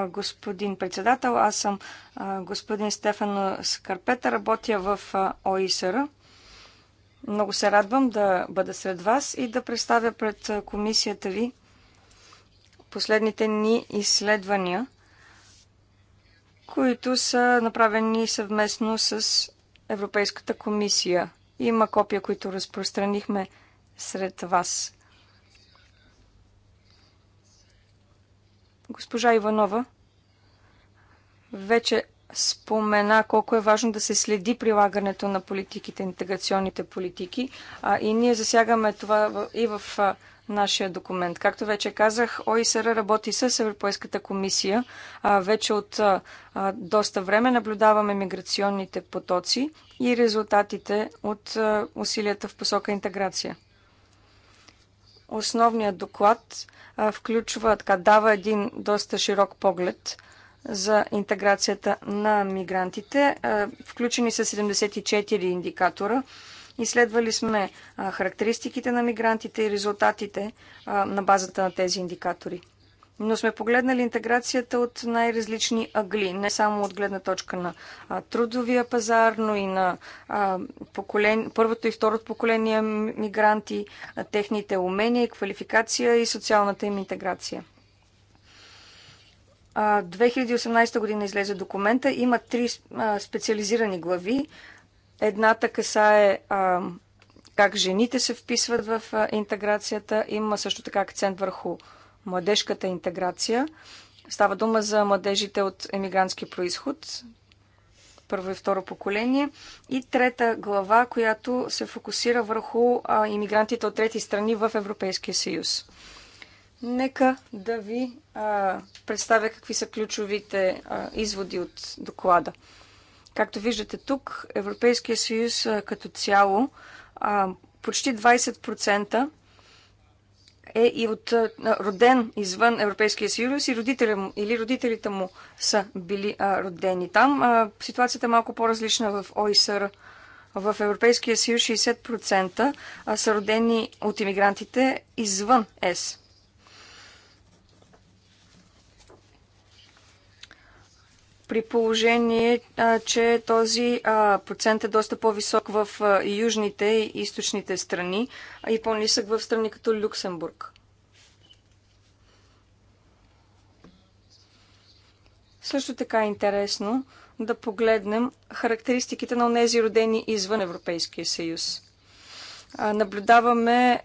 [SPEAKER 4] господин председател. Аз съм господин Стефан Скарпета, работя в ОИСР. Много се радвам да бъда сред вас и да представя пред комисията ви последните ни изследвания, които са направени съвместно с Европейската комисия. Има копия, които разпространихме сред вас. Госпожа Иванова вече спомена колко е важно да се следи прилагането на политиките, интеграционните политики. А, и ние засягаме това и в а, нашия документ. Както вече казах, ОИСР работи с Европейската комисия. А, вече от а, доста време наблюдаваме миграционните потоци и резултатите от а, усилията в посока интеграция. Основният доклад включва, така, дава един доста широк поглед за интеграцията на мигрантите. Включени са 74 индикатора. Изследвали сме характеристиките на мигрантите и резултатите на базата на тези индикатори но сме погледнали интеграцията от най-различни агли, не само от гледна точка на а, трудовия пазар, но и на а, поколен... първото и второто поколение мигранти, а, техните умения и квалификация и социалната им интеграция. 2018 година излезе документа. Има три специализирани глави. Едната касае как жените се вписват в интеграцията. Има също така акцент върху младежката интеграция. Става дума за младежите от емигрантски происход, първо и второ поколение. И трета глава, която се фокусира върху иммигрантите от трети страни в Европейския съюз. Нека да ви а, представя какви са ключовите а, изводи от доклада. Както виждате тук, Европейския съюз а, като цяло а, почти 20% е и от е, роден извън Европейския съюз и родителя му или родителите му са били а, родени там. А, ситуацията е малко по-различна в ОИСР. В Европейския съюз 60% са родени от иммигрантите извън ЕС. при положение, че този процент е доста по-висок в южните и източните страни и по-нисък в страни като Люксембург. Също така е интересно да погледнем характеристиките на тези родени извън Европейския съюз. Наблюдаваме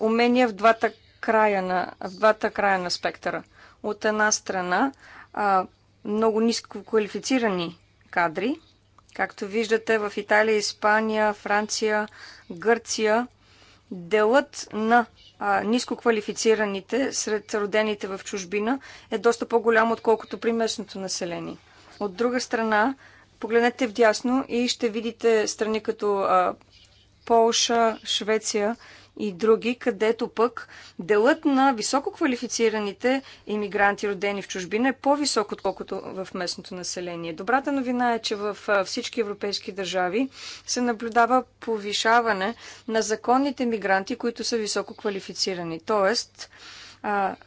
[SPEAKER 4] умения в двата края на, в двата края на спектъра. От една страна, много ниско квалифицирани кадри. Както виждате, в Италия, Испания, Франция, Гърция делът на а, ниско квалифицираните сред родените в чужбина е доста по-голям, отколкото при местното население. От друга страна, погледнете вдясно и ще видите страни като а, Полша, Швеция и други, където пък делът на високо квалифицираните иммигранти, родени в чужбина, е по-висок, отколкото в местното население. Добрата новина е, че в всички европейски държави се наблюдава повишаване на законните мигранти, които са високо квалифицирани. Тоест,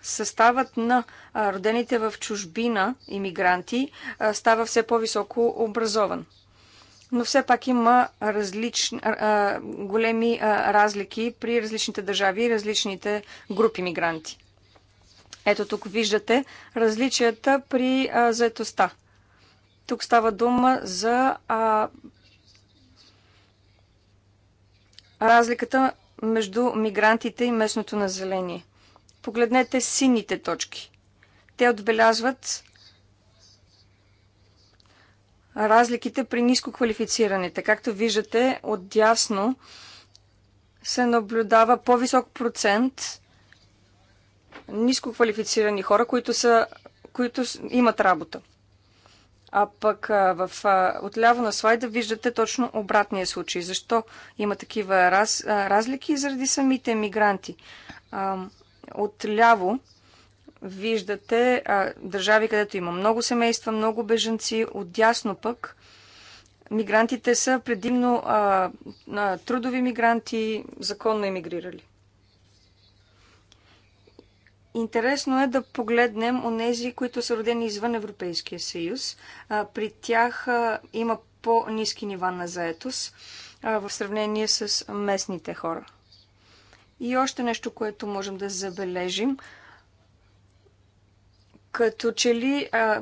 [SPEAKER 4] съставът на родените в чужбина иммигранти става все по-високо образован но все пак има различни, а, големи а, разлики при различните държави и различните групи мигранти. Ето тук виждате различията при а, заетостта. Тук става дума за а, разликата между мигрантите и местното население. Погледнете сините точки. Те отбелязват разликите при ниско квалифицираните. Както виждате, отдясно се наблюдава по-висок процент ниско квалифицирани хора, които, са, които имат работа. А пък в, отляво на слайда виждате точно обратния случай. Защо има такива раз, разлики? Заради самите мигранти. Отляво виждате а, държави, където има много семейства, много беженци, отдясно пък мигрантите са предимно а, на трудови мигранти, законно емигрирали. Интересно е да погледнем у нези, които са родени извън Европейския съюз. А, при тях а, има по-низки нива на заетост а, в сравнение с местните хора. И още нещо, което можем да забележим – като че ли а,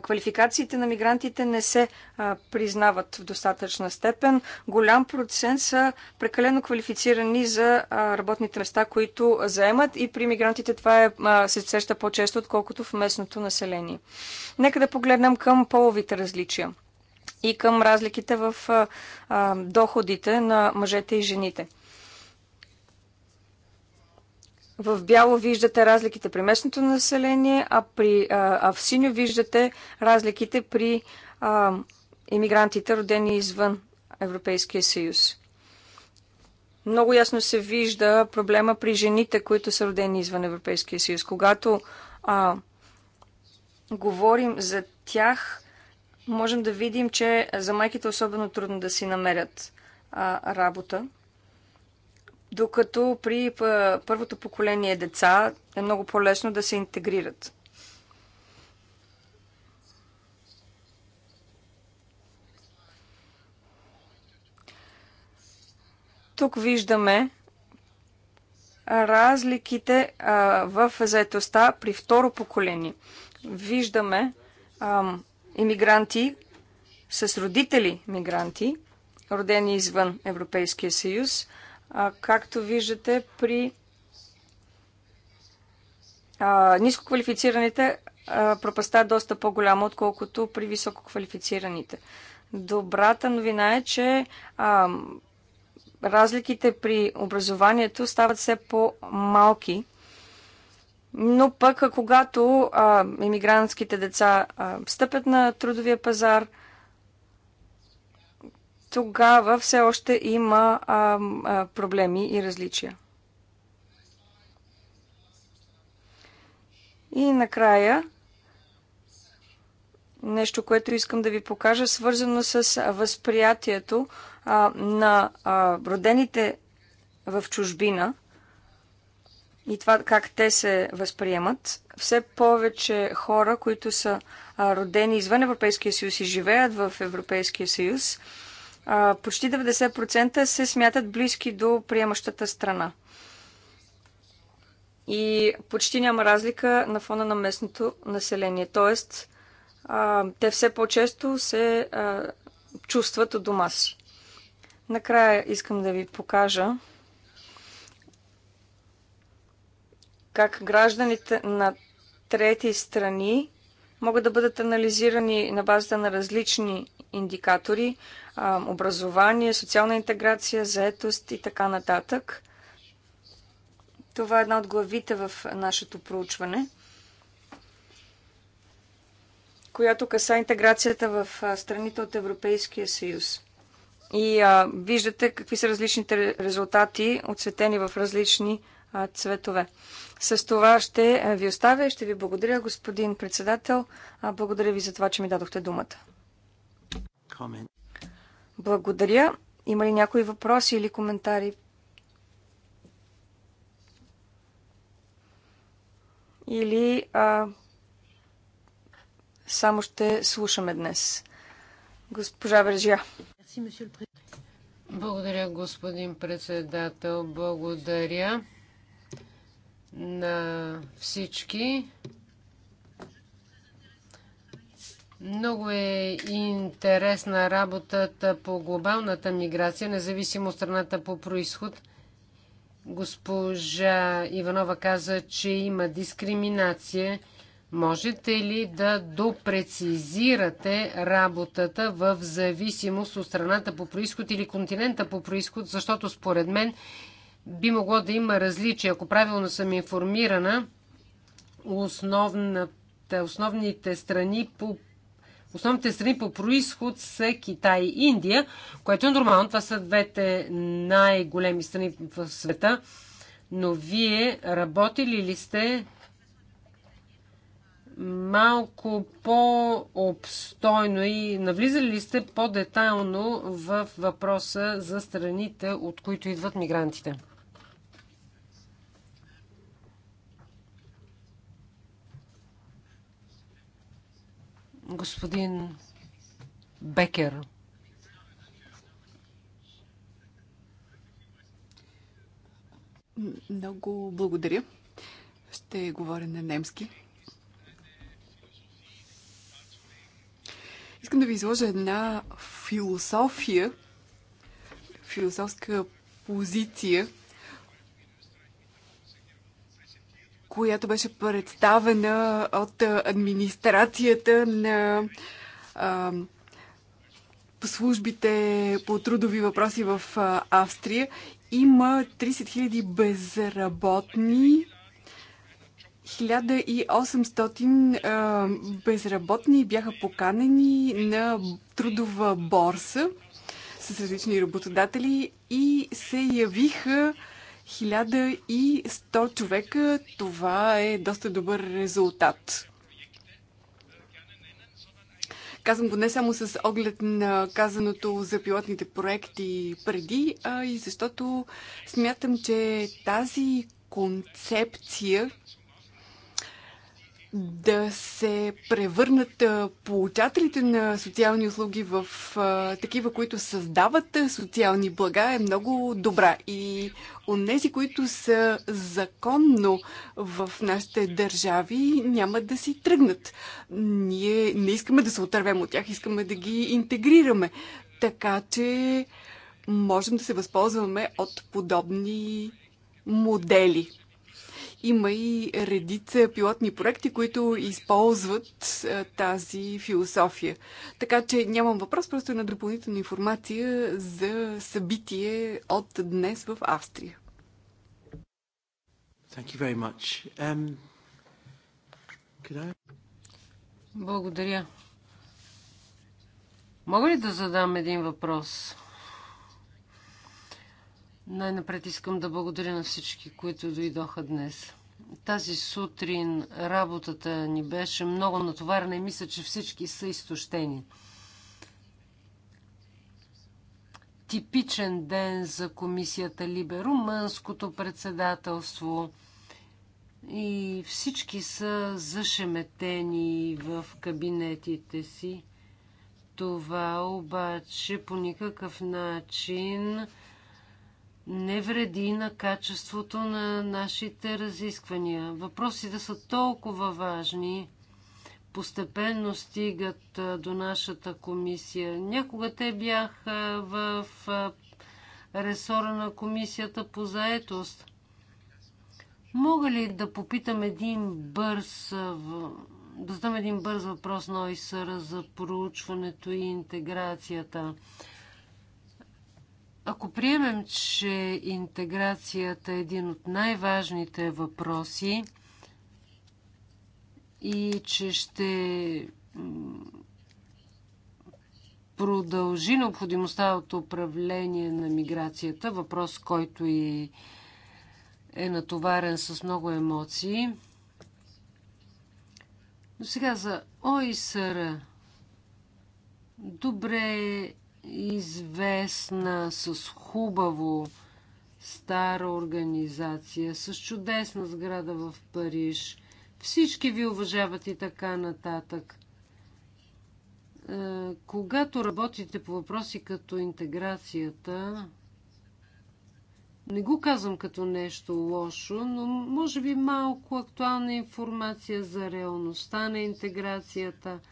[SPEAKER 4] квалификациите на мигрантите не се а, признават в достатъчна степен. Голям процент са прекалено квалифицирани за а, работните места, които заемат и при мигрантите това е, а, се среща по-често, отколкото в местното население. Нека да погледнем към половите различия и към разликите в а, а, доходите на мъжете и жените в бяло виждате разликите при местното население, а, при, а, а в синьо виждате разликите при а, иммигрантите, родени извън Европейския съюз. Много ясно се вижда проблема при жените, които са родени извън Европейския съюз. Когато а, говорим за тях, можем да видим, че за майките е особено трудно да си намерят а, работа докато при първото поколение деца е много по-лесно да се интегрират. Тук виждаме разликите в заетостта при второ поколение. Виждаме иммигранти с родители мигранти, родени извън Европейския съюз – както виждате при нискоквалифицираните пропаста е доста по-голяма, отколкото при висококвалифицираните. Добрата новина е, че а, разликите при образованието стават все по-малки. Но пък, когато а, деца а, стъпят на трудовия пазар, тогава все още има а, а, проблеми и различия. И накрая, нещо, което искам да ви покажа, свързано с възприятието а, на а, родените в чужбина и това как те се възприемат. Все повече хора, които са а, родени извън Европейския съюз и живеят в Европейския съюз, почти 90% се смятат близки до приемащата страна. И почти няма разлика на фона на местното население. Тоест, а, те все по-често се а, чувстват от дома си. Накрая искам да ви покажа как гражданите на трети страни могат да бъдат анализирани на базата на различни индикатори образование, социална интеграция, заетост и така нататък. Това е една от главите в нашето проучване, която каса интеграцията в страните от Европейския съюз. И а, виждате какви са различните резултати, отцветени в различни а, цветове. С това ще ви оставя и ще ви благодаря, господин председател. А, благодаря ви за това, че ми дадохте думата. Благодаря. Има ли някои въпроси или коментари? Или а, само ще слушаме днес. Госпожа Вержия. Благодаря, господин
[SPEAKER 1] председател. Благодаря на всички. Много е интересна работата по глобалната миграция, независимо страната по происход. Госпожа Иванова каза, че има дискриминация. Можете ли да допрецизирате работата в зависимост от страната по происход или континента по происход, защото според мен би могло да има различия. Ако правилно съм информирана, основната, основните страни по Основните страни по происход са Китай и Индия, което е нормално. Това са двете най-големи страни в света. Но вие работили ли сте малко по-обстойно и навлизали ли сте по-детайлно в въпроса за страните, от които идват мигрантите? господин
[SPEAKER 2] Бекер. Много благодаря. Ще говоря на немски. Искам да ви изложа една философия, философска позиция, която беше представена от администрацията на а, службите по трудови въпроси в Австрия. Има 30 000 безработни, 1800 безработни бяха поканени на трудова борса с различни работодатели и се явиха 1100 човека, това е доста добър резултат. Казвам го не само с оглед на казаното за пилотните проекти преди, а и защото смятам, че тази концепция, да се превърнат получателите на социални услуги в такива, които създават социални блага, е много добра. И тези, които са законно в нашите държави, няма да си тръгнат. Ние не искаме да се отървем от тях, искаме да ги интегрираме. Така че можем да се възползваме от подобни модели. Има и редица пилотни проекти, които използват тази философия. Така че нямам въпрос, просто на допълнителна информация за събитие от днес в Австрия.
[SPEAKER 3] Thank you very much. Um, could I...
[SPEAKER 1] Благодаря. Мога ли да задам един въпрос? Най-напред искам да благодаря на всички, които дойдоха днес. Тази сутрин работата ни беше много натоварена и мисля, че всички са изтощени. Типичен ден за комисията Либе, румънското председателство и всички са зашеметени в кабинетите си. Това обаче по никакъв начин не вреди на качеството на нашите разисквания. Въпросите са толкова важни, постепенно стигат до нашата комисия. Някога те бяха в ресора на комисията по заетост. Мога ли да попитам един бърз, да задам един бърз въпрос на ОИСР за проучването и интеграцията? Ако приемем, че интеграцията е един от най-важните въпроси и че ще продължи необходимостта от управление на миграцията, въпрос, който и е натоварен с много емоции. Но сега за ОИСР. Добре е известна с хубаво стара организация, с чудесна сграда в Париж. Всички ви уважават и така нататък. Е, когато работите по въпроси като интеграцията, не го казвам като нещо лошо, но може би малко актуална информация за реалността на интеграцията –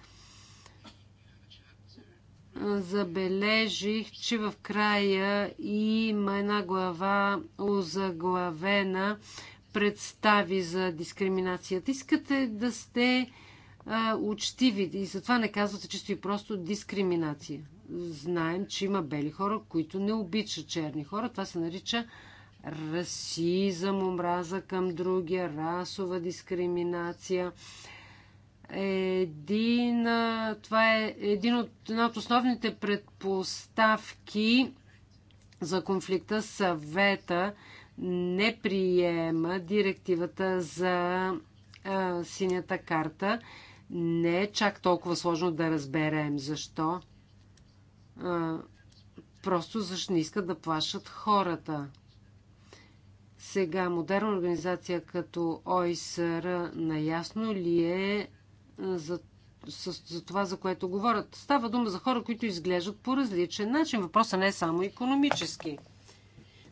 [SPEAKER 1] забележих, че в края има една глава озаглавена представи за дискриминацията. Искате да сте а, учтиви и затова не казвате чисто и просто дискриминация. Знаем, че има бели хора, които не обичат черни хора. Това се нарича расизъм, омраза към другия, расова дискриминация един, това е един от, една от основните предпоставки за конфликта. Съвета не приема директивата за а, синята карта. Не е чак толкова сложно да разберем защо. А, просто защо не искат да плашат хората. Сега модерна организация като ОИСР наясно ли е за, с, за това, за което говорят. Става дума за хора, които изглеждат по различен начин. Въпросът не е само економически.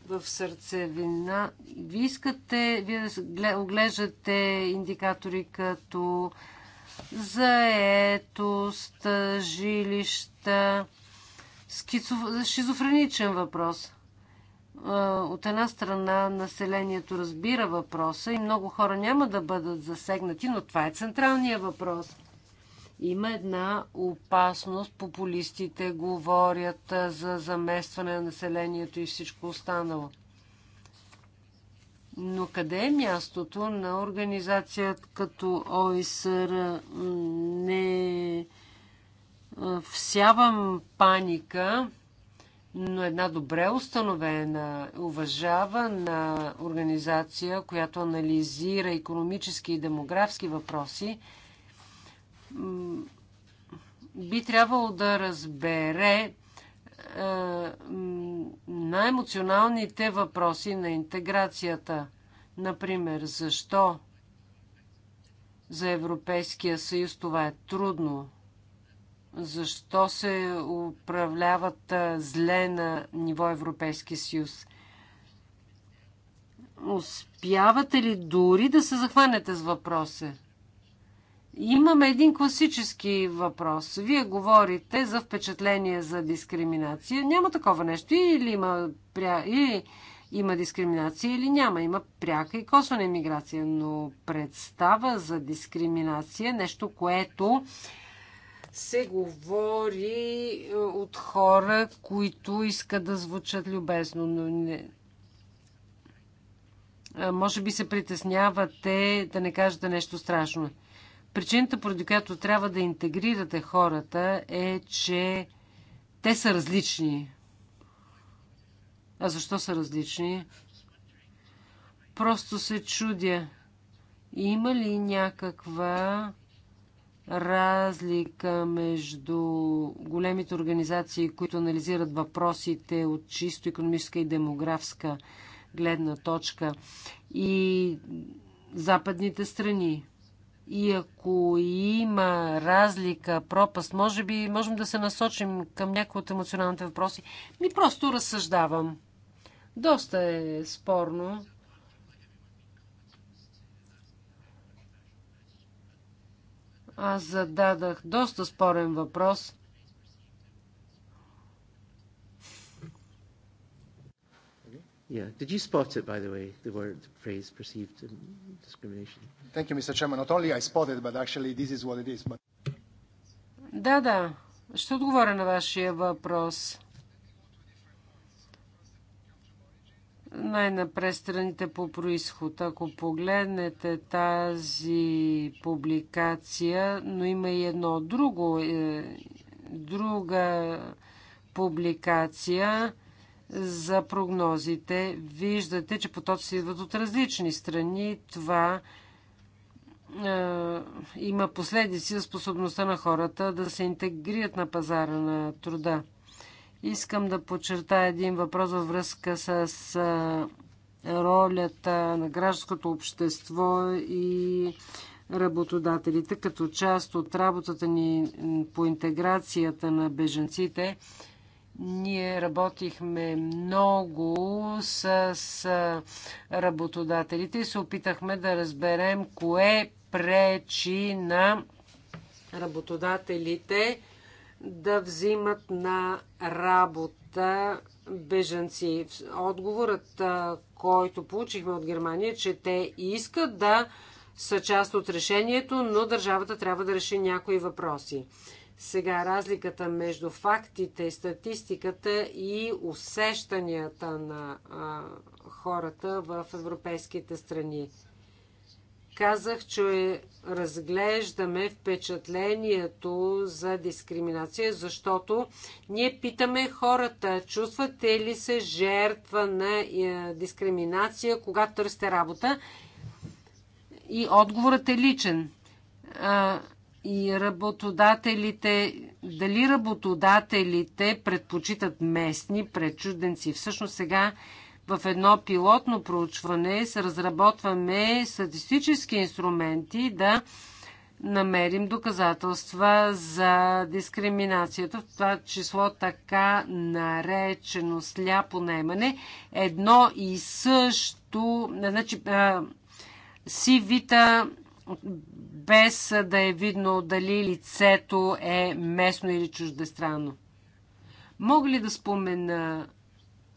[SPEAKER 1] В сърцевина. Ви искате, вие оглеждате индикатори като заетост, жилища, Скицов... шизофреничен въпрос от една страна населението разбира въпроса и много хора няма да бъдат засегнати, но това е централният въпрос. Има една опасност. Популистите говорят за заместване на населението и всичко останало. Но къде е мястото на организацията като ОИСР? Не всявам паника но една добре установена, уважавана организация, която анализира економически и демографски въпроси, би трябвало да разбере е, най-емоционалните въпроси на интеграцията. Например, защо за Европейския съюз това е трудно? Защо се управляват зле на ниво Европейски съюз? Успявате ли дори да се захванете с въпроса? Имаме един класически въпрос. Вие говорите за впечатление за дискриминация. Няма такова нещо. Или има, пря... или има дискриминация, или няма. Има пряка и косвена иммиграция. Но представа за дискриминация, е нещо, което се говори е, от хора, които искат да звучат любезно, но не. Е, може би се притеснявате да не кажете нещо страшно. Причината, поради която трябва да интегрирате хората, е, че те са различни. А защо са различни? Просто се чудя. Има ли някаква разлика между големите организации, които анализират въпросите от чисто економическа и демографска гледна точка и западните страни. И ако има разлика, пропаст, може би можем да се насочим към някои от емоционалните въпроси. Ми просто разсъждавам. Доста е спорно. Аз зададах доста спорен въпрос.
[SPEAKER 3] Yeah. Did you spot it, by the way, the word, the phrase perceived discrimination? Thank you, Mr. Chairman. Not only I spotted, but actually this is what it is. But...
[SPEAKER 1] Да, да. Ще отговоря на вашия въпрос. най-напред страните по происход. Ако погледнете тази публикация, но има и едно друго, е, друга публикация за прогнозите, виждате, че потоци идват от различни страни. Това е, има последици за способността на хората да се интегрират на пазара на труда. Искам да подчертая един въпрос във връзка с ролята на гражданското общество и работодателите като част от работата ни по интеграцията на беженците. Ние работихме много с работодателите и се опитахме да разберем кое пречи на работодателите да взимат на работа бежанци. Отговорът, който получихме от Германия, че те искат да са част от решението, но държавата трябва да реши някои въпроси. Сега разликата между фактите и статистиката и усещанията на а, хората в европейските страни. Казах, че разглеждаме впечатлението за дискриминация, защото ние питаме хората, чувствате ли се жертва на е, дискриминация, когато търсите работа? И отговорът е личен. И работодателите, дали работодателите предпочитат местни пред чужденци? Всъщност сега в едно пилотно проучване се разработваме статистически инструменти да намерим доказателства за дискриминацията, в това число така наречено сляпо наемане. Едно и също, значи, Вита, без да е видно дали лицето е местно или чуждестранно. Мога ли да спомена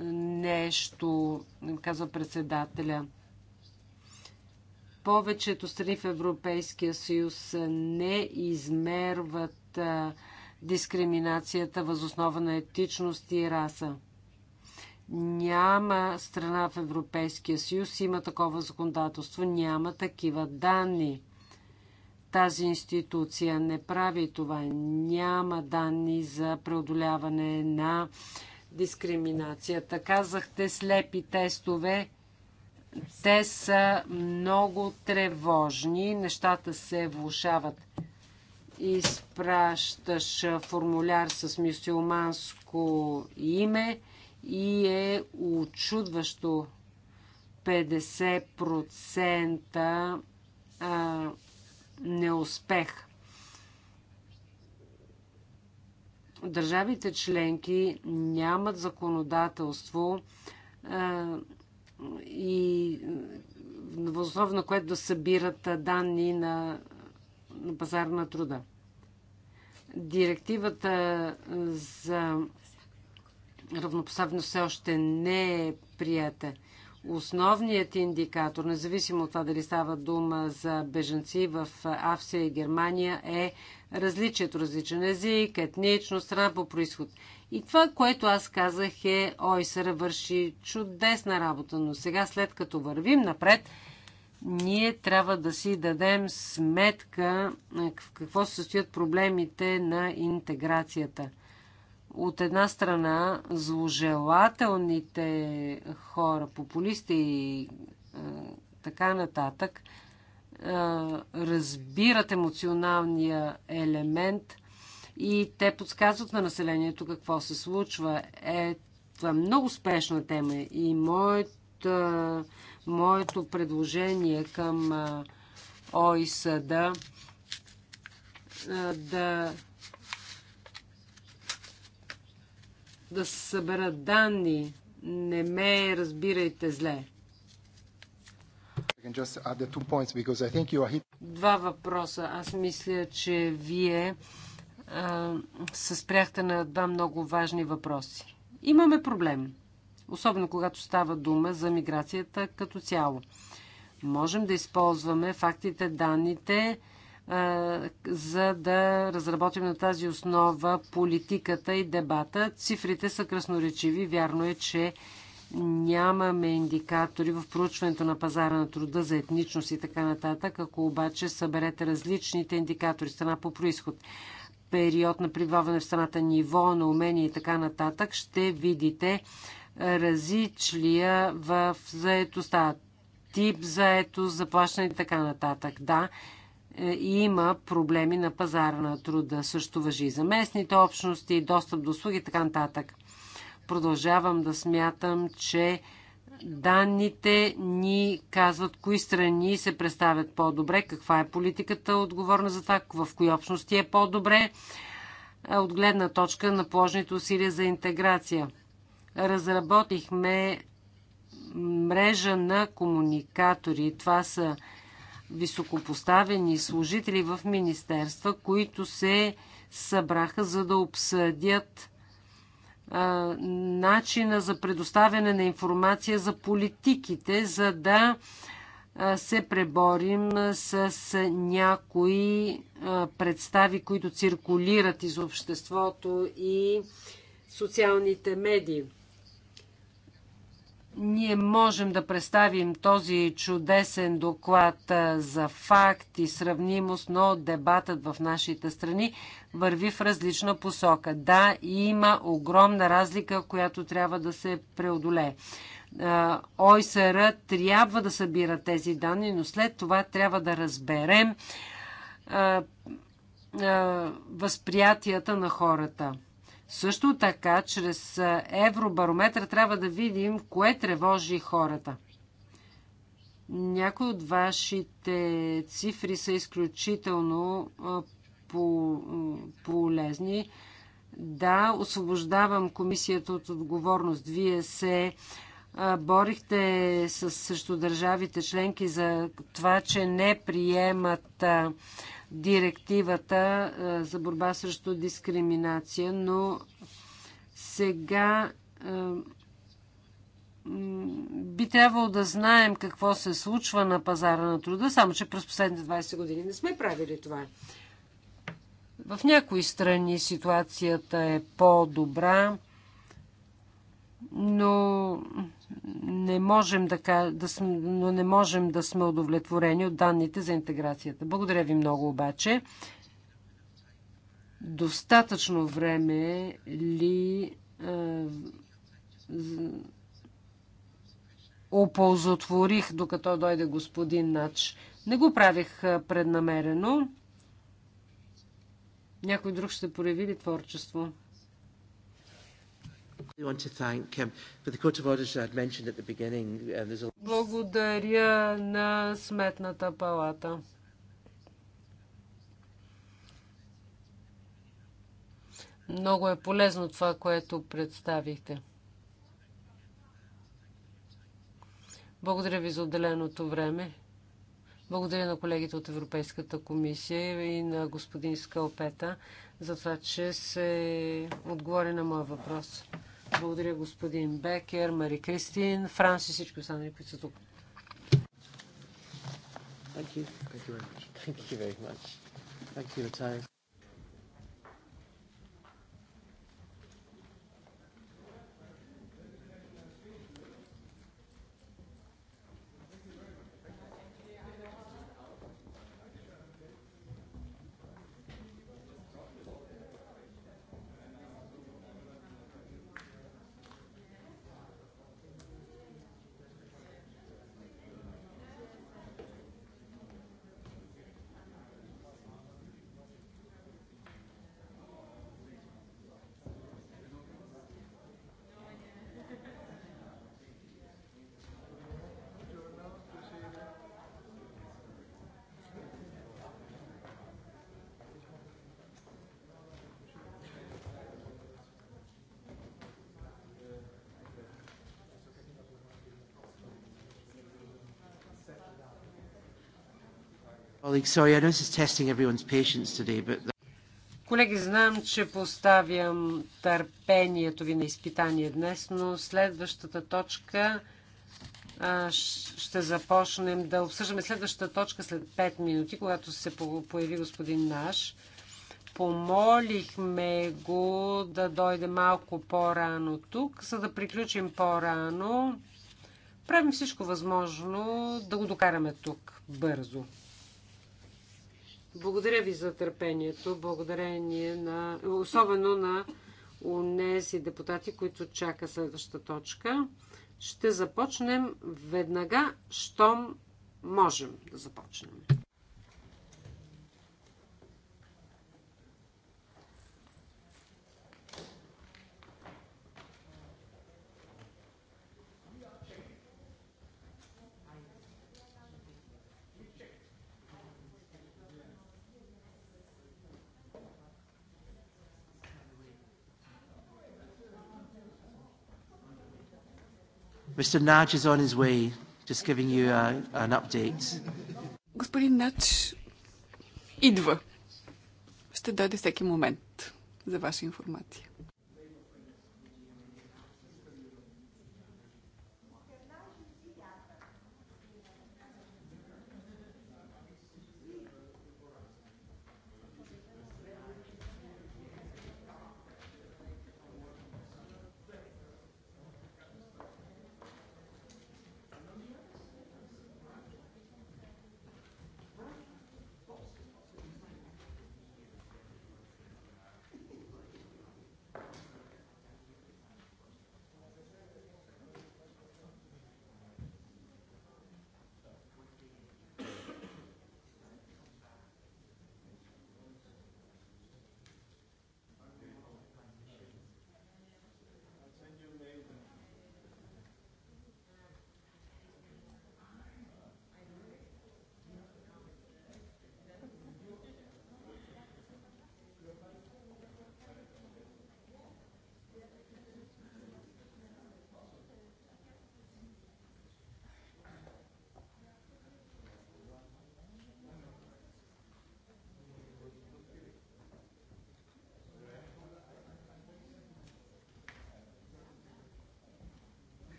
[SPEAKER 1] нещо, казва председателя. Повечето страни в Европейския съюз не измерват дискриминацията възоснова на етичност и раса. Няма страна в Европейския съюз, има такова законодателство, няма такива данни. Тази институция не прави това. Няма данни за преодоляване на дискриминацията. Казахте слепи тестове. Те са много тревожни. Нещата се влушават. Изпращаш формуляр с мюсюлманско име и е очудващо 50% неуспех. държавите членки нямат законодателство е, и възоснова на което да събират данни на, на пазар на труда. Директивата за равнопоставеност все още не е прията. Основният индикатор, независимо от това дали става дума за беженци в Австрия и Германия, е различието, различен език, етнично, страна по происход. И това, което аз казах е, се върши чудесна работа, но сега след като вървим напред, ние трябва да си дадем сметка в какво се състоят проблемите на интеграцията. От една страна, зложелателните хора, популисти и така нататък, разбират емоционалния елемент и те подсказват на населението какво се случва. Е, това е много спешна тема и моето, моето предложение към ОИСД да да съберат данни. Не ме разбирайте зле. Два въпроса. Аз мисля, че вие а, се спряхте на два много важни въпроси. Имаме проблем, особено когато става дума за миграцията като цяло. Можем да използваме фактите, данните, за да разработим на тази основа политиката и дебата. Цифрите са красноречиви. Вярно е, че нямаме индикатори в проучването на пазара на труда за етничност и така нататък, ако обаче съберете различните индикатори, страна по происход, период на прибаване в страната, ниво на умения и така нататък, ще видите различия в заетостта, тип заетост, заплащане и така нататък. Да, е, има проблеми на пазара на труда. Също въжи и за местните общности, достъп до услуги и така нататък. Продължавам да смятам, че данните ни казват кои страни се представят по-добре, каква е политиката отговорна за това, в кои общности е по-добре от гледна точка на положените усилия за интеграция. Разработихме мрежа на комуникатори. Това са високопоставени служители в министерства, които се събраха за да обсъдят начина за предоставяне на информация за политиките, за да се преборим с някои представи, които циркулират из обществото и социалните медии. Ние можем да представим този чудесен доклад за факт и сравнимост, но дебатът в нашите страни върви в различна посока. Да, има огромна разлика, която трябва да се преодолее. ОСР трябва да събира тези данни, но след това трябва да разберем възприятията на хората. Също така, чрез евробарометър трябва да видим кое тревожи хората. Някои от вашите цифри са изключително полезни. Да, освобождавам комисията от отговорност. Вие се борихте с, срещу държавите членки за това, че не приемат директивата за борба срещу дискриминация, но сега би трябвало да знаем какво се случва на пазара на труда, само че през последните 20 години не сме правили това. В някои страни ситуацията е по-добра, но не можем да, да, сме, но не можем да сме удовлетворени от данните за интеграцията. Благодаря ви много обаче. Достатъчно време ли оползотворих, докато дойде господин Нач. Не го правих преднамерено. Някой друг ще прояви ли творчество?
[SPEAKER 3] Um, uh,
[SPEAKER 1] Благодаря на Сметната палата. Много е полезно това, което представихте. Благодаря ви за отделеното време. Благодаря на колегите от Европейската комисия и на господин Скалпета за това, че се отговори на моя въпрос. Благодаря, господин Бекер, Мари Кристин, Франс и всички останали, които са тук.
[SPEAKER 3] Thank you. Thank you very much. Thank you very much. Thank you, Matthias.
[SPEAKER 1] Колеги, знам, че поставям търпението ви на изпитание днес, но следващата точка ще започнем да обсъждаме следващата точка след 5 минути, когато се появи господин Наш. Помолихме го да дойде малко по-рано тук, за да приключим по-рано. Правим всичко възможно да го докараме тук бързо. Благодаря ви за търпението, благодарение на, особено на унеси депутати, които чака следващата точка. Ще започнем веднага, щом можем да започнем.
[SPEAKER 3] Mr. Nudge is on his way, just giving you a, uh, an update.
[SPEAKER 2] Господин Нач идва. Ще дойде всеки момент за ваша информация.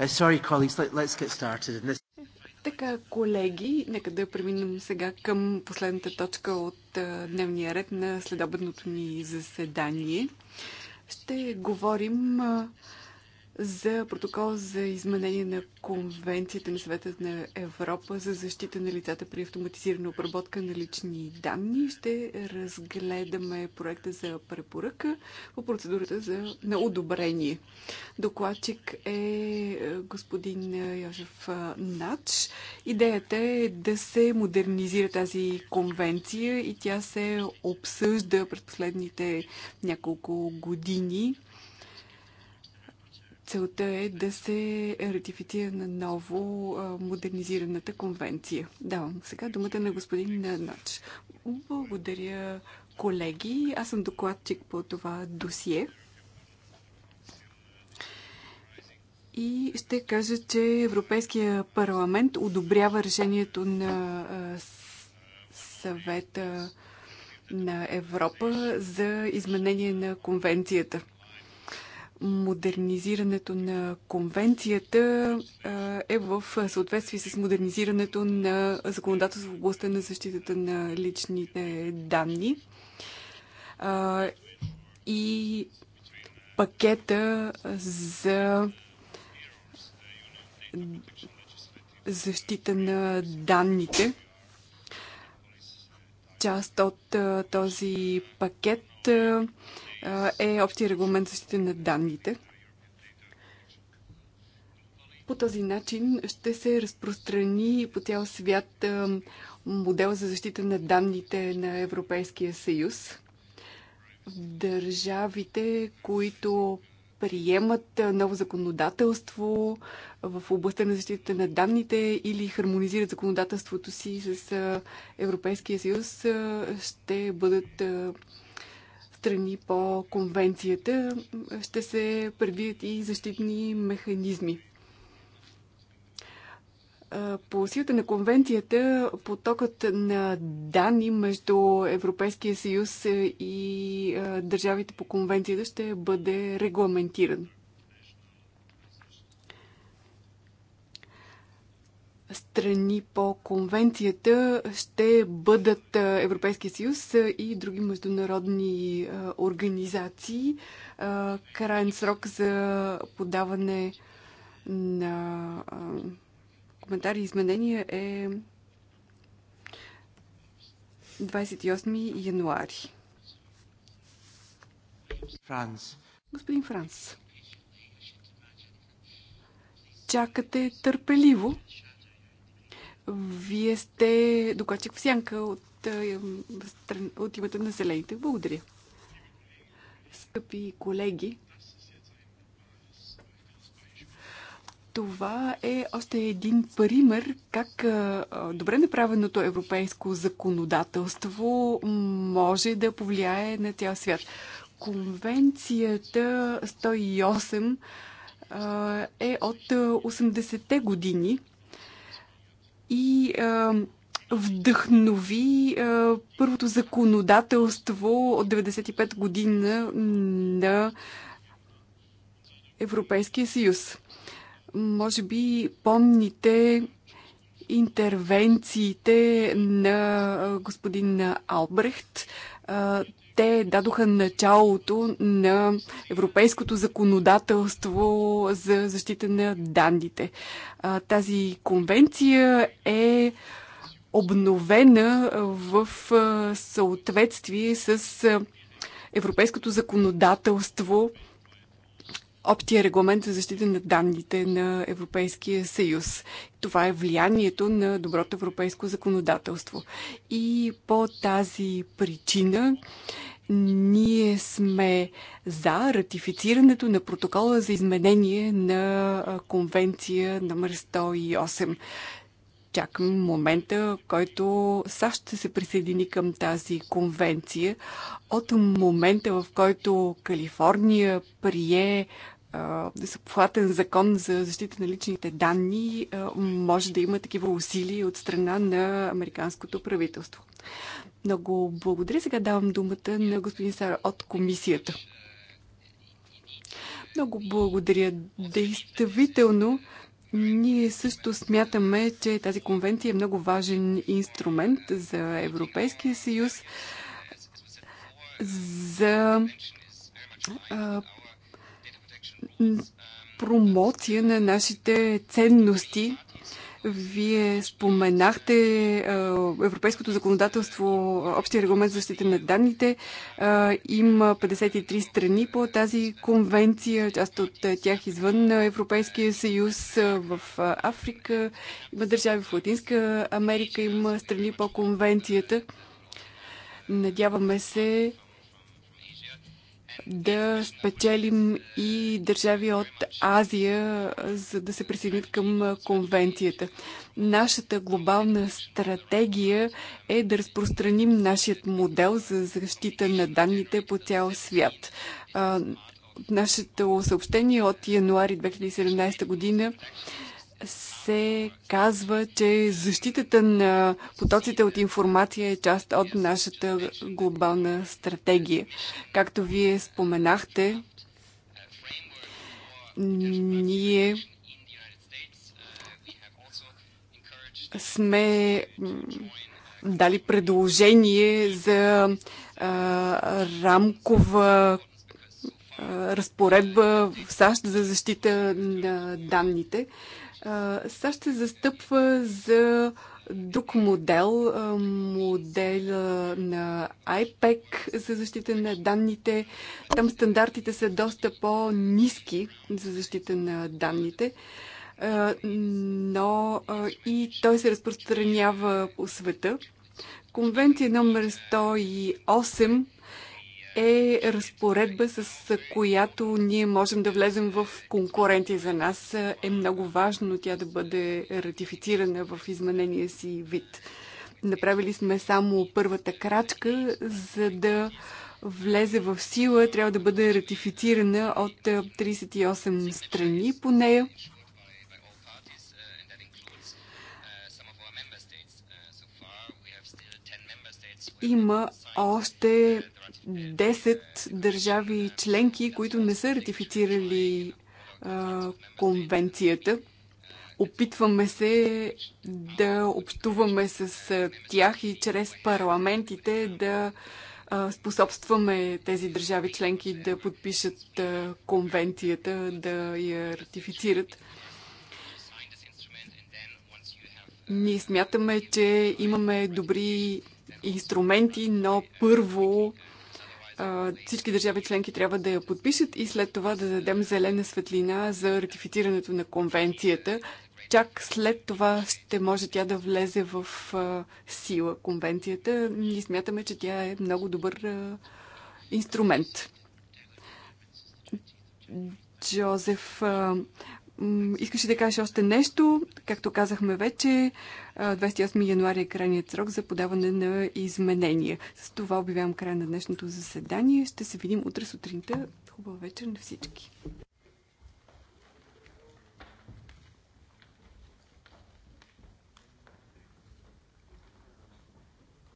[SPEAKER 3] Uh, sorry, colleagues, let's get started in this...
[SPEAKER 2] Така, колеги, нека да преминем сега към последната точка от дневния ред на следобедното ни заседание. Ще говорим за протокол за изменение на Конвенцията на Съвета на Европа за защита на лицата при автоматизирана обработка на лични данни. Ще разгледаме проекта за препоръка по процедурата за, на одобрение. Докладчик е, е господин Йожев Нач. Идеята е да се модернизира тази конвенция и тя се обсъжда през последните няколко години Целта е да се ратифицира на ново модернизираната конвенция. Давам сега думата на господин Нач. Благодаря, колеги. Аз съм докладчик по това досие. И ще кажа, че Европейския парламент одобрява решението на съвета на Европа за изменение на конвенцията модернизирането на конвенцията е в съответствие с модернизирането на законодателство в областта на защитата на личните данни и пакета за защита на данните. Част от този пакет е общия регламент за защита на данните. По този начин ще се разпространи по цял свят модел за защита на данните на Европейския съюз. Държавите, които приемат ново законодателство в областта на защита на данните или хармонизират законодателството си с Европейския съюз, ще бъдат страни по конвенцията ще се предвидят и защитни механизми. По силата на конвенцията потокът на данни между Европейския съюз и държавите по конвенцията ще бъде регламентиран. страни по конвенцията ще бъдат Европейския съюз и други международни организации. Крайен срок за подаване на коментари и изменения е 28 януари. Франц. Господин Франц. Чакате търпеливо. Вие сте докладчик в сянка от, е, от името на зелените. Благодаря. Скъпи колеги, това е още един пример как е, добре направеното европейско законодателство може да повлияе на цял свят. Конвенцията 108 е, е от 80-те години и а, вдъхнови а, първото законодателство от 95 година на Европейския съюз. Може би помните интервенциите на господин Албрехт те дадоха началото на европейското законодателство за защита на данните. Тази конвенция е обновена в съответствие с европейското законодателство общия регламент за защита на данните на Европейския съюз. Това е влиянието на доброто европейско законодателство. И по тази причина ние сме за ратифицирането на протокола за изменение на конвенция номер 108 чакам момента, който САЩ ще се присъедини към тази конвенция. От момента, в който Калифорния прие съплатен закон за защита на личните данни, може да има такива усилия от страна на американското правителство. Много благодаря. Сега давам думата на господин Сара от комисията. Много благодаря. Действително, ние също смятаме, че тази конвенция е много важен инструмент за Европейския съюз, за а, промоция на нашите ценности вие споменахте европейското законодателство, общия регламент за защита на данните. има 53 страни по тази конвенция, част от тях извън Европейския съюз, в Африка, има държави в Латинска Америка, има страни по конвенцията. Надяваме се да спечелим и държави от Азия, за да се присъединят към конвенцията. Нашата глобална стратегия е да разпространим нашият модел за защита на данните по цял свят. Нашето съобщение от януари 2017 година се казва, че защитата на потоците от информация е част от нашата глобална стратегия. Както вие споменахте, ние сме дали предложение за а, рамкова а, разпоредба в САЩ за защита на данните. А, САЩ се застъпва за друг модел, модел на IPEC за защита на данните. Там стандартите са доста по-низки за защита на данните, но и той се разпространява по света. Конвенция номер 108 е разпоредба, с която ние можем да влезем в конкуренти за нас. Е много важно тя да бъде ратифицирана в изменения си вид. Направили сме само първата крачка, за да влезе в сила, трябва да бъде ратифицирана от 38 страни по нея. Има още 10 държави членки, които не са ратифицирали а, конвенцията. Опитваме се да общуваме с тях и чрез парламентите да а, способстваме тези държави членки да подпишат а, конвенцията, да я ратифицират. Ние смятаме, че имаме добри инструменти, но първо всички държави членки трябва да я подпишат и след това да дадем зелена светлина за ратифицирането на конвенцията. Чак след това ще може тя да влезе в сила конвенцията. Ние смятаме, че тя е много добър инструмент. Джозеф Искаше да кажа още нещо. Както казахме вече, 28 януари е крайният срок за подаване на изменения. С това обявявам края на днешното заседание. Ще се видим утре сутринта. Хубава вечер на всички.